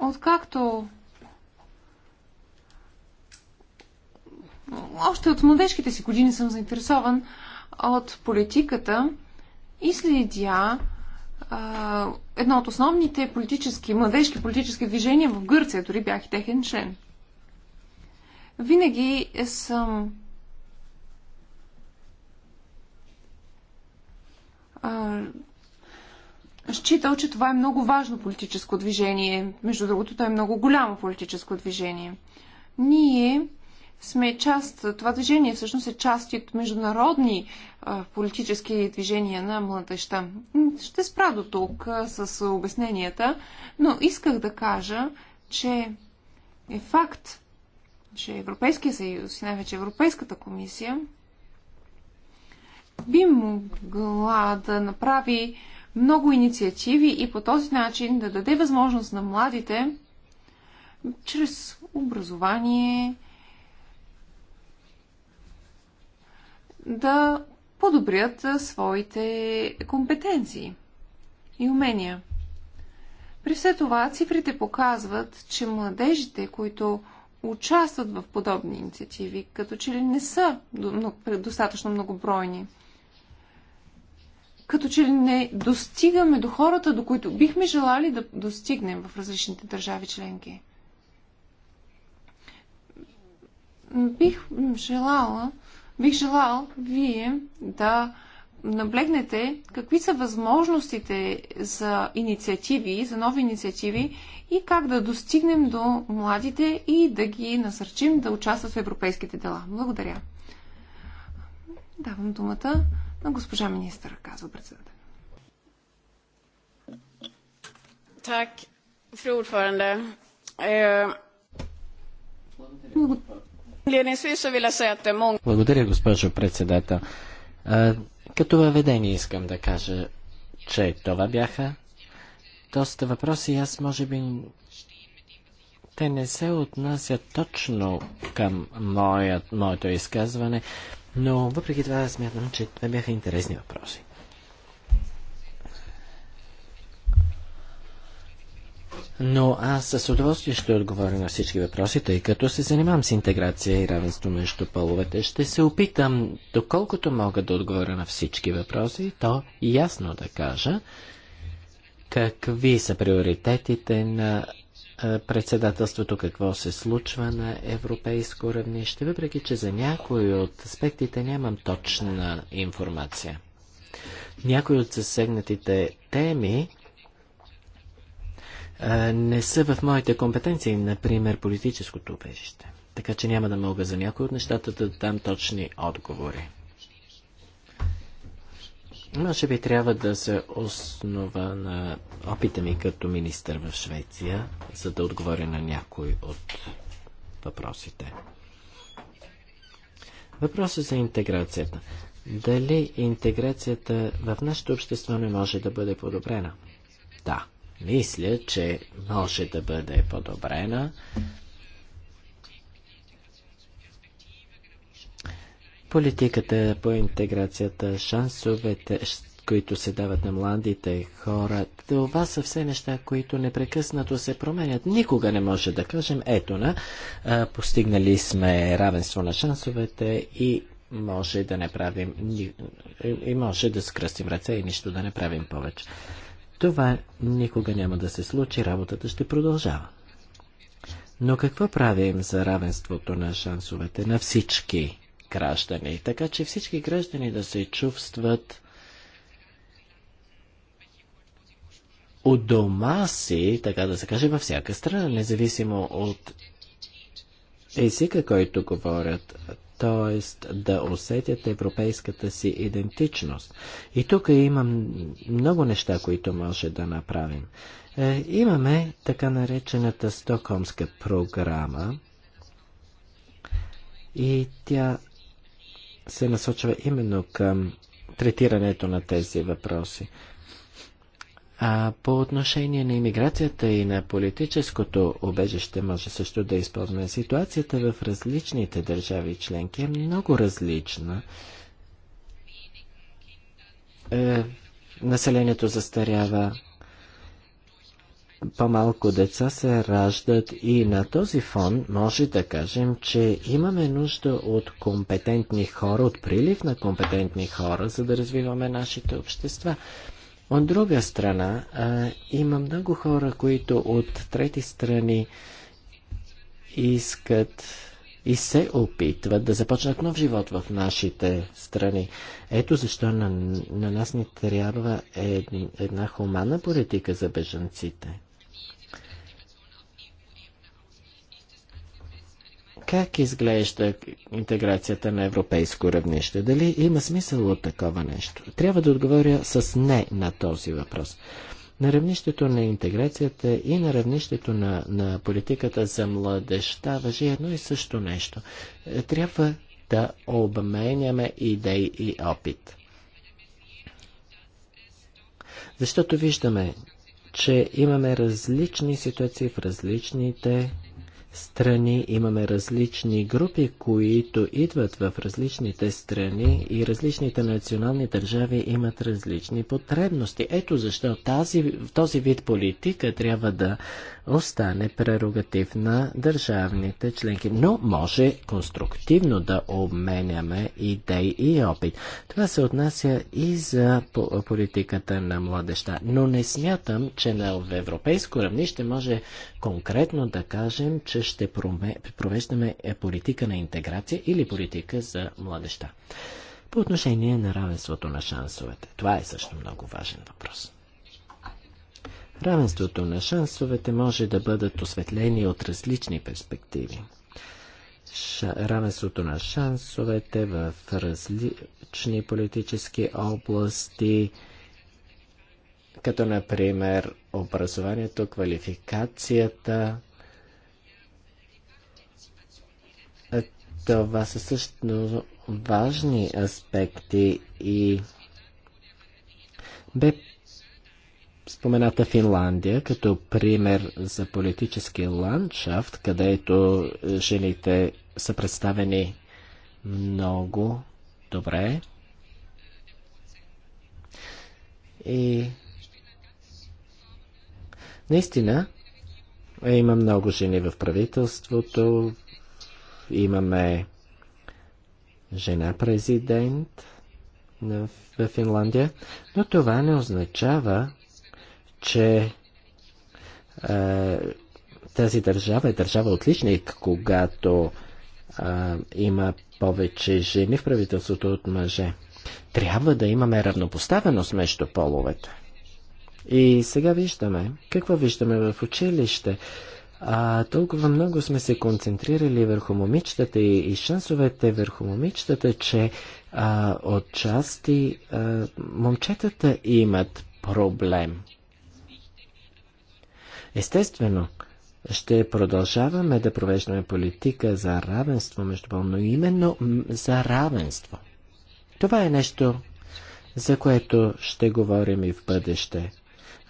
откакто още от младежките си години съм заинтересован от политиката и следя а, едно от основните политически, младежки политически движения в Гърция. Дори бях и техен член – винаги съм а, считал, че това е много важно политическо движение. Между другото, то е много голямо политическо движение. Ние сме част, това движение всъщност е част от международни а, политически движения на младеща. Ще спра до тук а, с обясненията, но исках да кажа, че е факт, че Европейския съюз и най-вече Европейската комисия би могла да направи много инициативи и по този начин да даде възможност на младите чрез образование да подобрят своите компетенции и умения. При все това цифрите показват, че младежите, които участват в подобни инициативи, като че ли не са достатъчно многобройни. Като че ли не достигаме до хората, до които бихме желали да достигнем в различните държави членки. Бих желала, бих желал вие да наблегнете какви са възможностите за инициативи, за нови инициативи и как да достигнем до младите и да ги насърчим да участват в европейските дела. Благодаря. Давам думата на госпожа министър, казва председател. Так, фру ordförande. Е, Благодаря, госпожо председател. Като въведение искам да кажа, че това бяха доста въпроси. Аз може би те не се отнасят точно към моят, моето изказване, но въпреки това смятам, че това бяха интересни въпроси. Но аз с удоволствие ще отговоря на всички въпроси, тъй като се занимавам с интеграция и равенство между половете. Ще се опитам, доколкото мога да отговоря на всички въпроси, то ясно да кажа какви са приоритетите на председателството, какво се случва на европейско равнище, въпреки че за някои от аспектите нямам точна информация. Някои от засегнатите теми не са в моите компетенции, например политическото убежище. Така че няма да мога за някои от нещата да дам точни отговори. Може би трябва да се основа на опита ми като министър в Швеция, за да отговоря на някой от въпросите. Въпросът за интеграцията. Дали интеграцията в нашето общество не може да бъде подобрена? Да мисля, че може да бъде подобрена. Политиката по интеграцията, шансовете, които се дават на младите хора, това са все неща, които непрекъснато се променят. Никога не може да кажем, ето на, постигнали сме равенство на шансовете и може да не правим, и може да скръстим ръце и нищо да не правим повече. Това никога няма да се случи, работата ще продължава. Но какво правим за равенството на шансовете на всички граждани? Така че всички граждани да се чувстват у дома си, така да се каже, във всяка страна, независимо от езика, който говорят т.е. да усетят европейската си идентичност. И тук имам много неща, които може да направим. Е, имаме така наречената Стокхолмска програма и тя се насочва именно към третирането на тези въпроси. А по отношение на иммиграцията и на политическото обежище може също да използваме. Ситуацията в различните държави членки е много различна. Е, населението застарява, по-малко деца се раждат и на този фон може да кажем, че имаме нужда от компетентни хора, от прилив на компетентни хора, за да развиваме нашите общества. От друга страна, а, има много хора, които от трети страни искат и се опитват да започнат нов живот в нашите страни. Ето защо на, на нас ни трябва една хумана политика за бежанците. как изглежда интеграцията на европейско равнище? Дали има смисъл от такова нещо? Трябва да отговоря с не на този въпрос. На равнището на интеграцията и на равнището на, на политиката за младеща въжи едно и също нещо. Е, трябва да обменяме идеи и опит. Защото виждаме, че имаме различни ситуации в различните страни, имаме различни групи, които идват в различните страни и различните национални държави имат различни потребности. Ето защо тази, този вид политика трябва да остане прерогатив на държавните членки. Но може конструктивно да обменяме идеи и опит. Това се отнася и за политиката на младеща. Но не смятам, че на европейско равнище може конкретно да кажем, че че ще провеждаме е, политика на интеграция или политика за младеща. По отношение на равенството на шансовете. Това е също много важен въпрос. Равенството на шансовете може да бъдат осветлени от различни перспективи. Ша, равенството на шансовете в различни политически области, като например образованието, квалификацията, Това са също важни аспекти и бе спомената Финландия като пример за политически ландшафт, където жените са представени много добре. И наистина има много жени в правителството, Имаме жена президент в Финландия, но това не означава, че а, е, тази държава е държава отличник, когато а, е, има повече жени в правителството от мъже. Трябва да имаме равнопоставеност между половете. И сега виждаме, какво виждаме в училище? А, толкова много сме се концентрирали върху момичетата и, и шансовете върху момичетата, че а, отчасти а, момчетата имат проблем. Естествено, ще продължаваме да провеждаме политика за равенство между пол, но именно за равенство. Това е нещо, за което ще говорим и в бъдеще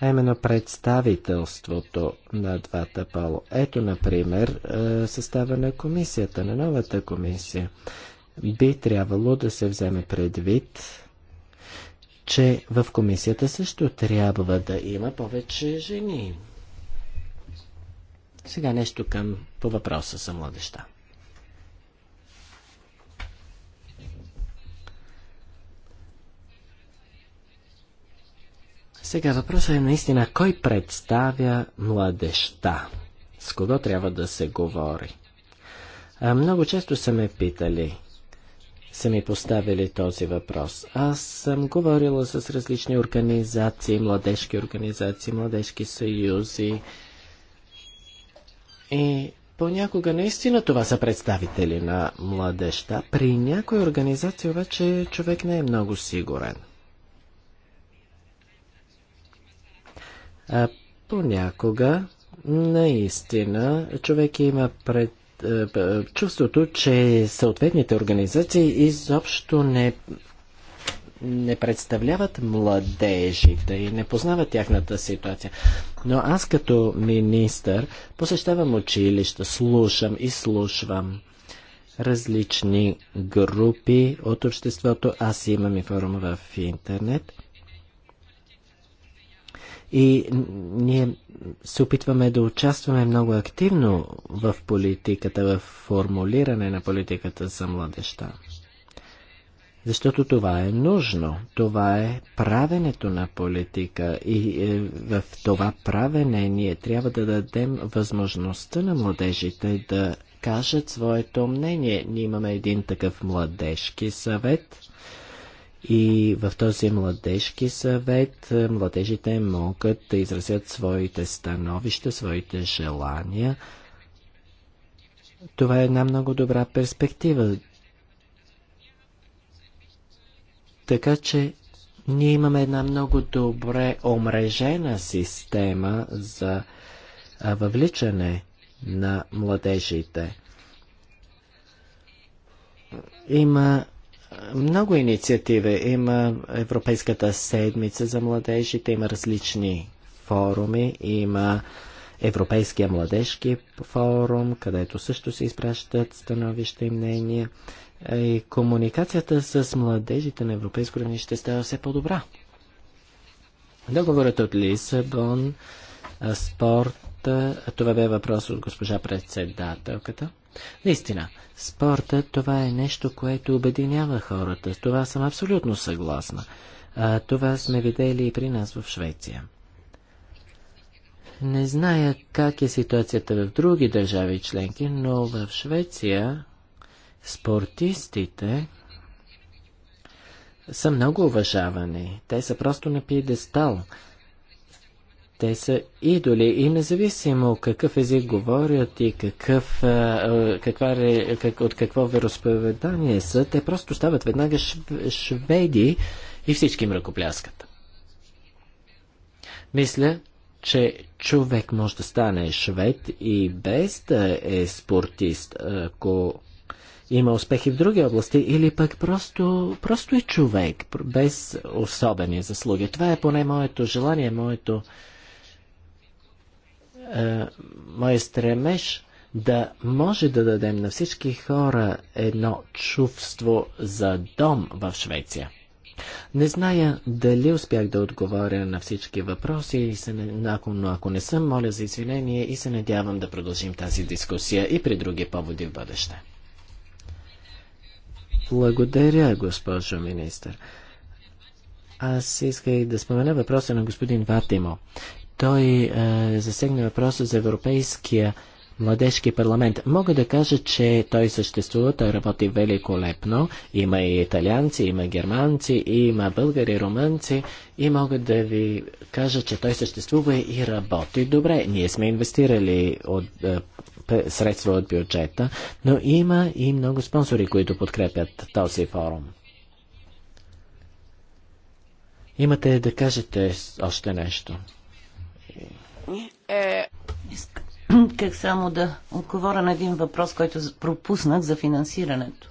а именно представителството на двата пола. Ето, например, е, състава на комисията, на новата комисия. Би трябвало да се вземе предвид, че в комисията също трябва да има повече жени. Сега нещо към по въпроса за младеща. Сега въпросът е наистина кой представя младеща? С кого трябва да се говори? А, много често са ме питали, са ми поставили този въпрос. Аз съм говорила с различни организации, младежки организации, младежки съюзи. И понякога наистина това са представители на младеща. При някои организации обаче човек не е много сигурен. А, понякога наистина човек има пред чувството, че съответните организации изобщо не не представляват младежите и не познават тяхната ситуация. Но аз като министър посещавам училища, слушам и слушвам различни групи от обществото. Аз имам и форум в интернет – и ние се опитваме да участваме много активно в политиката, в формулиране на политиката за младеща. Защото това е нужно. Това е правенето на политика. И е, в това правене ние трябва да дадем възможността на младежите да кажат своето мнение. Ние имаме един такъв младежки съвет – и в този младежки съвет е, младежите могат да изразят своите становища, своите желания. Това е една много добра перспектива. Така че ние имаме една много добре омрежена система за въвличане на младежите. Има много инициативи. Има Европейската седмица за младежите, има различни форуми, има Европейския младежки форум, където също се изпращат становища и мнения. И комуникацията с младежите на европейско равнище става все по-добра. Договорът от Лисабон, спорт, това бе въпрос от госпожа председателката. Наистина, спорта това е нещо, което обединява хората. С Това съм абсолютно съгласна. А, това сме видели и при нас в Швеция. Не зная как е ситуацията в други държави членки, но в Швеция спортистите са много уважавани. Те са просто на пиедестал те са идоли и независимо какъв език говорят и какъв, каква, как, от какво вероисповедание са, те просто стават веднага шведи и всички им ръкопляскат. Мисля, че човек може да стане швед и без да е спортист, ако има успехи в други области, или пък просто, просто е човек, без особени заслуги. Това е поне моето желание, моето е, стремеж да може да дадем на всички хора едно чувство за дом в Швеция. Не зная дали успях да отговоря на всички въпроси, и се, но ако, но ако не съм, моля за извинение и се надявам да продължим тази дискусия и при други поводи в бъдеще. Благодаря, госпожо министър. Аз исках да спомена въпроса на господин Ватимо. Той е, засегна въпроса за Европейския младежки парламент. Мога да кажа, че той съществува, той работи великолепно. Има и италианци, има германци, има българи, румънци и мога да ви кажа, че той съществува и работи добре. Ние сме инвестирали от, е, средства от бюджета, но има и много спонсори, които подкрепят този форум. Имате да кажете още нещо. Как само да отговоря на един въпрос, който е пропуснах за финансирането.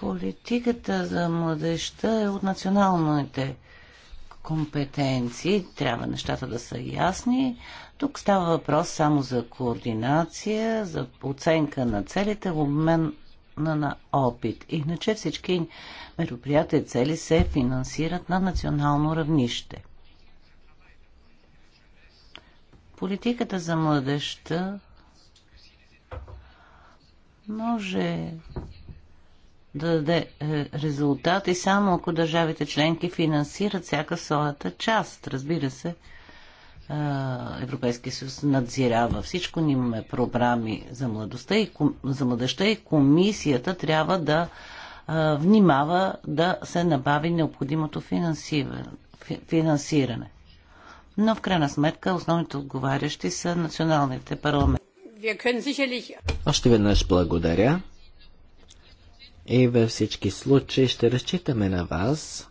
Политиката за младеща е от националните компетенции. Трябва нещата да са ясни. Тук става въпрос само за координация, за оценка на целите, обмен на, на опит. Иначе всички мероприятия цели се финансират на национално равнище. Политиката за младеща може да даде е, резултати само ако държавите членки финансират всяка своята част. Разбира се, е, Европейския съюз надзирава всичко. Ние имаме програми за, младостта и, за младеща и комисията трябва да е, внимава да се набави необходимото финансиране но в крайна сметка основните отговарящи са националните парламенти. Още веднъж благодаря. И във всички случаи ще разчитаме на вас,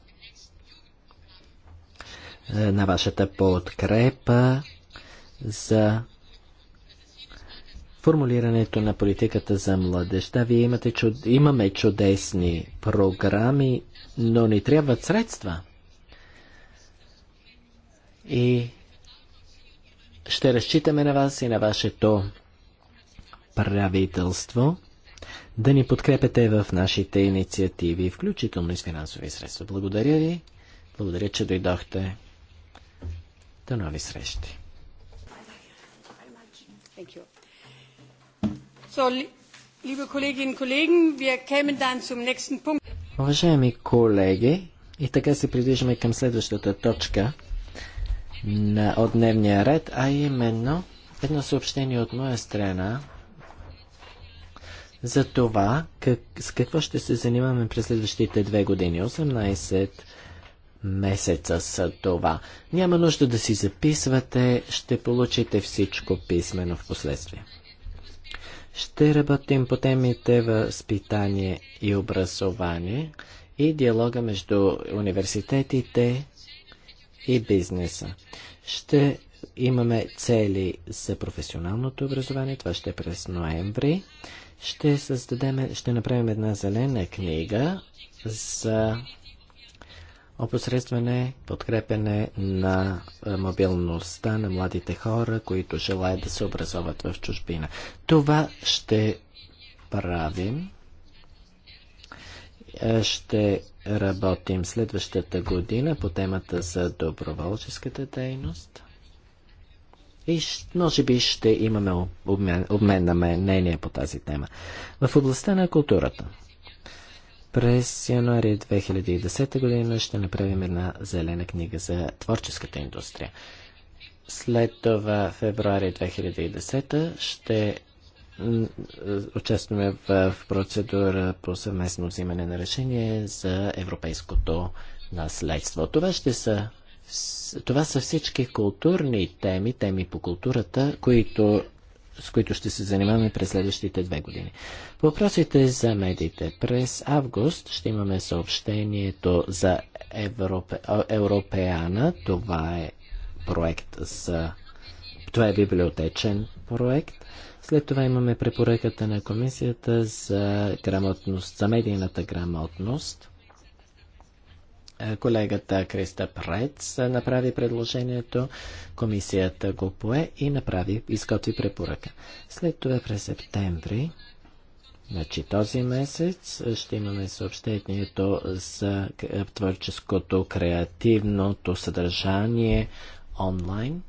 е, на вашата подкрепа за формулирането на политиката за младежта. Вие имате чуд... имаме чудесни програми, но ни трябват средства и ще разчитаме на вас и на вашето правителство да ни подкрепете в нашите инициативи, включително и с финансови средства. Благодаря ви. Благодаря, че дойдохте. До нови срещи. Уважаеми колеги, и така се придвижваме към следващата точка на, от дневния ред, а именно едно съобщение от моя страна за това как, с какво ще се занимаваме през следващите две години. 18 месеца са това. Няма нужда да си записвате, ще получите всичко писмено в последствие. Ще работим по темите възпитание и образование и диалога между университетите и бизнеса. Ще имаме цели за професионалното образование, това ще е през ноември. Ще създадем, ще направим една зелена книга за опосредстване, подкрепене на е, мобилността на младите хора, които желаят да се образоват в чужбина. Това ще правим. Е, ще работим следващата година по темата за доброволческата дейност. И може би ще имаме обмен, на мнение по тази тема. В областта на културата. През януари 2010 година ще направим една зелена книга за творческата индустрия. След това, февруари 2010, ще Участваме в процедура по съвместно взимане на решение за европейското наследство. Това ще са това са всички културни теми, теми по културата, които, с които ще се занимаваме през следващите две години. въпросите за медиите. През август ще имаме съобщението за Европе, Европеана. Това е проект за... Това е библиотечен проект. След това имаме препоръката на комисията за грамотност, за медийната грамотност. Е, колегата Криста Прец направи предложението, комисията го пое и направи, изготви препоръка. След това през септември Значи този месец ще имаме съобщението за творческото, креативното съдържание онлайн.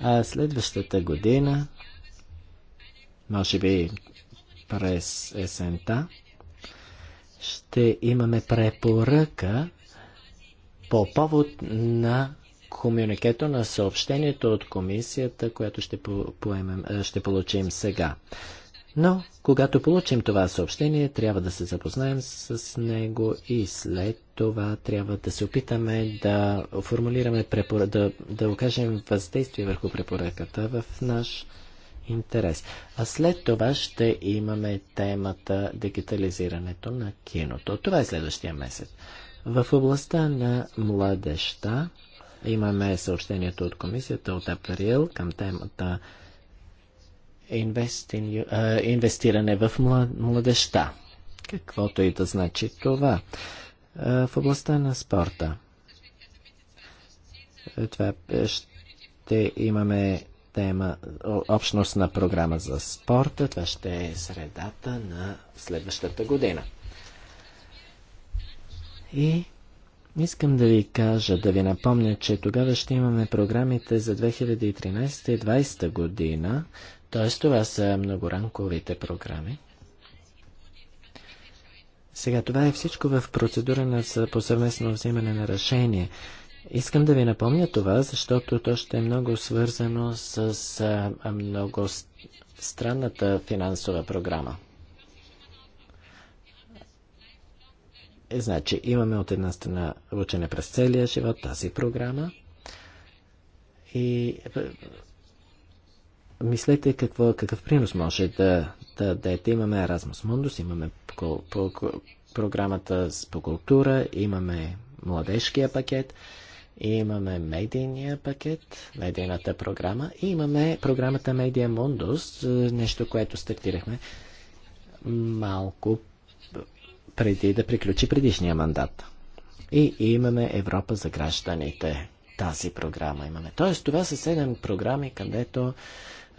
А следващата година, може би през есента, ще имаме препоръка по повод на комюникето на съобщението от комисията, което ще, поемем, ще получим сега. Но, когато получим това съобщение, трябва да се запознаем с него и след това трябва да се опитаме да формулираме, препор... да, да окажем въздействие върху препоръката в наш интерес. А след това ще имаме темата дигитализирането на киното. Това е следващия месец. В областта на младеща имаме съобщението от комисията от април към темата инвестиране в младеща. Каквото и да значи това. В областта на спорта. Това ще имаме тема общност на програма за спорта. Това ще е средата на следващата година. И искам да ви кажа, да ви напомня, че тогава ще имаме програмите за 2013 и 2020 година, Тоест, това са многоранковите програми. Сега, това е всичко в процедура на посъвместно взимане на решение. Искам да ви напомня това, защото то ще е много свързано с а, много странната финансова програма. Е, значи, имаме от една страна учене през целия живот, тази програма, и Мислете какво, какъв принос може да, да дадете. Имаме Erasmus Mundus, имаме по, по, програмата по култура, имаме младежкия пакет, имаме медийния пакет, медийната програма и имаме програмата Media Mundus, е, нещо, което стартирахме малко преди да приключи предишния мандат. И имаме Европа за гражданите. Тази програма имаме. Тоест, това са седем програми, където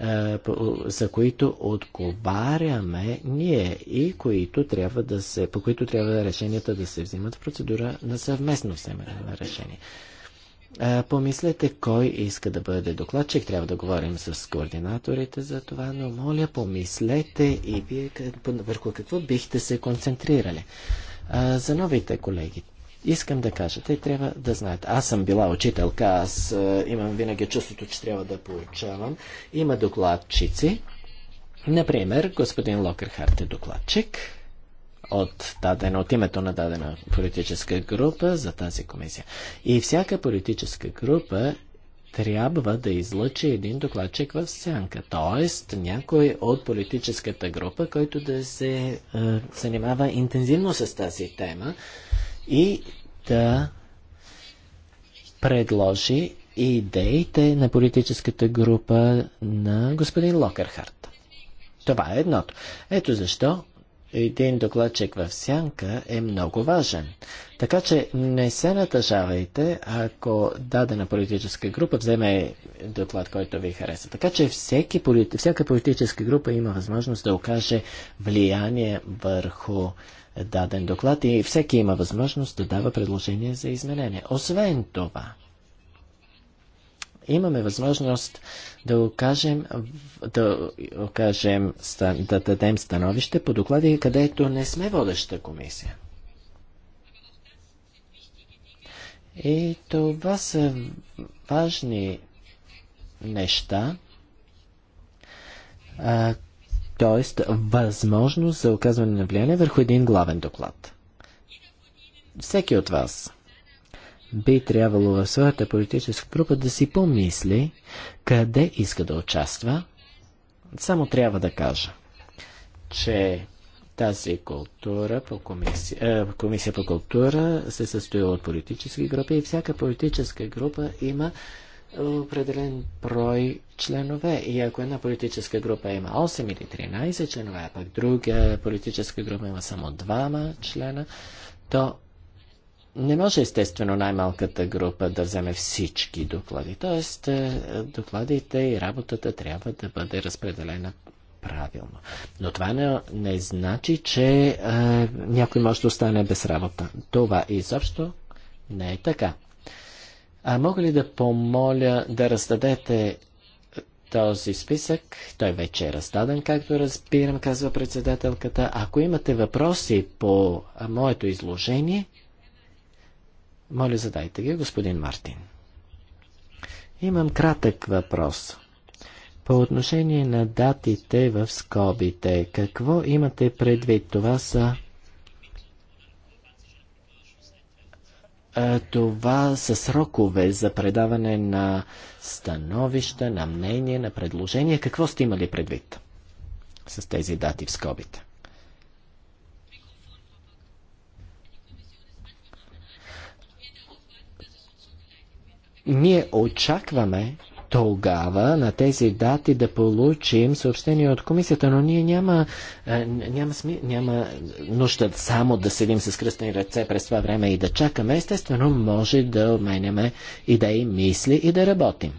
е, за които отговаряме ние и които трябва да се, по които трябва решенията да се взимат в процедура на съвместно вземане на решение. Е, помислете кой иска да бъде докладчик. Трябва да говорим с координаторите за това, но моля, помислете и вие върху какво бихте се концентрирали. Е, за новите колеги, Искам да кажа, те трябва да знаят. Аз съм била учителка, аз е, имам винаги чувството, че трябва да получавам. Има докладчици. Например, господин Локерхарт е докладчик от, дадена, от името на дадена политическа група за тази комисия. И всяка политическа група трябва да излъчи един докладчик в сянка, т.е. някой от политическата група, който да се е, занимава интензивно с тази тема, и да предложи идеите на политическата група на господин Локерхарт. Това е едното. Ето защо един докладчик в сянка е много важен. Така че не се натъжавайте, ако дадена политическа група вземе доклад, който ви хареса. Така че всеки, всяка политическа група има възможност да окаже влияние върху даден доклад и всеки има възможност да дава предложение за изменение. Освен това, имаме възможност да окажем, да, окажем, да дадем становище по доклади, където не сме водеща комисия. И това са важни неща, т.е. възможност за оказване на влияние върху един главен доклад. Всеки от вас би трябвало в своята политическа група да си помисли къде иска да участва. Само трябва да кажа, че тази култура по комисия, е, комисия по култура се състои от политически групи и всяка политическа група има определен брой членове. И ако една политическа група има 8 или 13 членове, а пък друга политическа група има само 2 члена, то не може естествено най-малката група да вземе всички доклади. Тоест, е, докладите и работата трябва да бъде разпределена правилно. Но това не, не значи, че е, някой може да остане без работа. Това изобщо не е така. А мога ли да помоля да раздадете този списък? Той вече е раздаден, както разбирам, казва председателката. Ако имате въпроси по моето изложение, моля задайте ги, господин Мартин. Имам кратък въпрос. По отношение на датите в скобите, какво имате предвид? Това са това са срокове за предаване на становища, на мнение, на предложения. Какво сте имали предвид с тези дати в скобите? Ние очакваме тогава на тези дати да получим съобщение от комисията, но ние няма, е, няма, сме, няма нужда само да седим с кръстни ръце през това време и да чакаме. Естествено, може да обменяме идеи, мисли и да работим.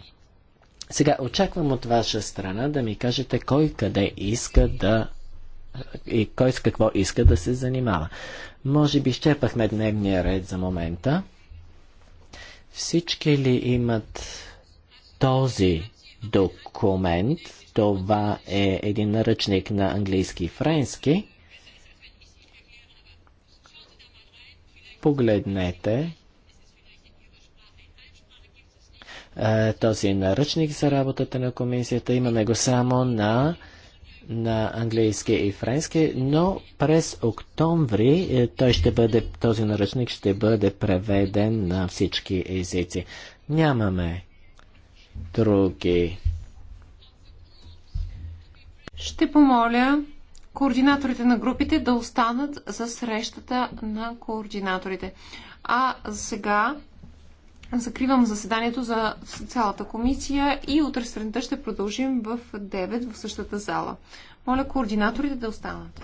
Сега очаквам от ваша страна да ми кажете кой къде иска да е, и кой с какво иска да се занимава. Може би изчерпахме дневния ред за момента. Всички ли имат този документ, това е един наръчник на английски и френски, погледнете е, този наръчник за работата на комисията. Имаме го само на, на английски и френски, но през октомври е, той ще бъде, този наръчник ще бъде преведен на всички езици. Нямаме други. Ще помоля координаторите на групите да останат за срещата на координаторите. А сега закривам заседанието за цялата комисия и утре сутринта ще продължим в 9 в същата зала. Моля координаторите да останат.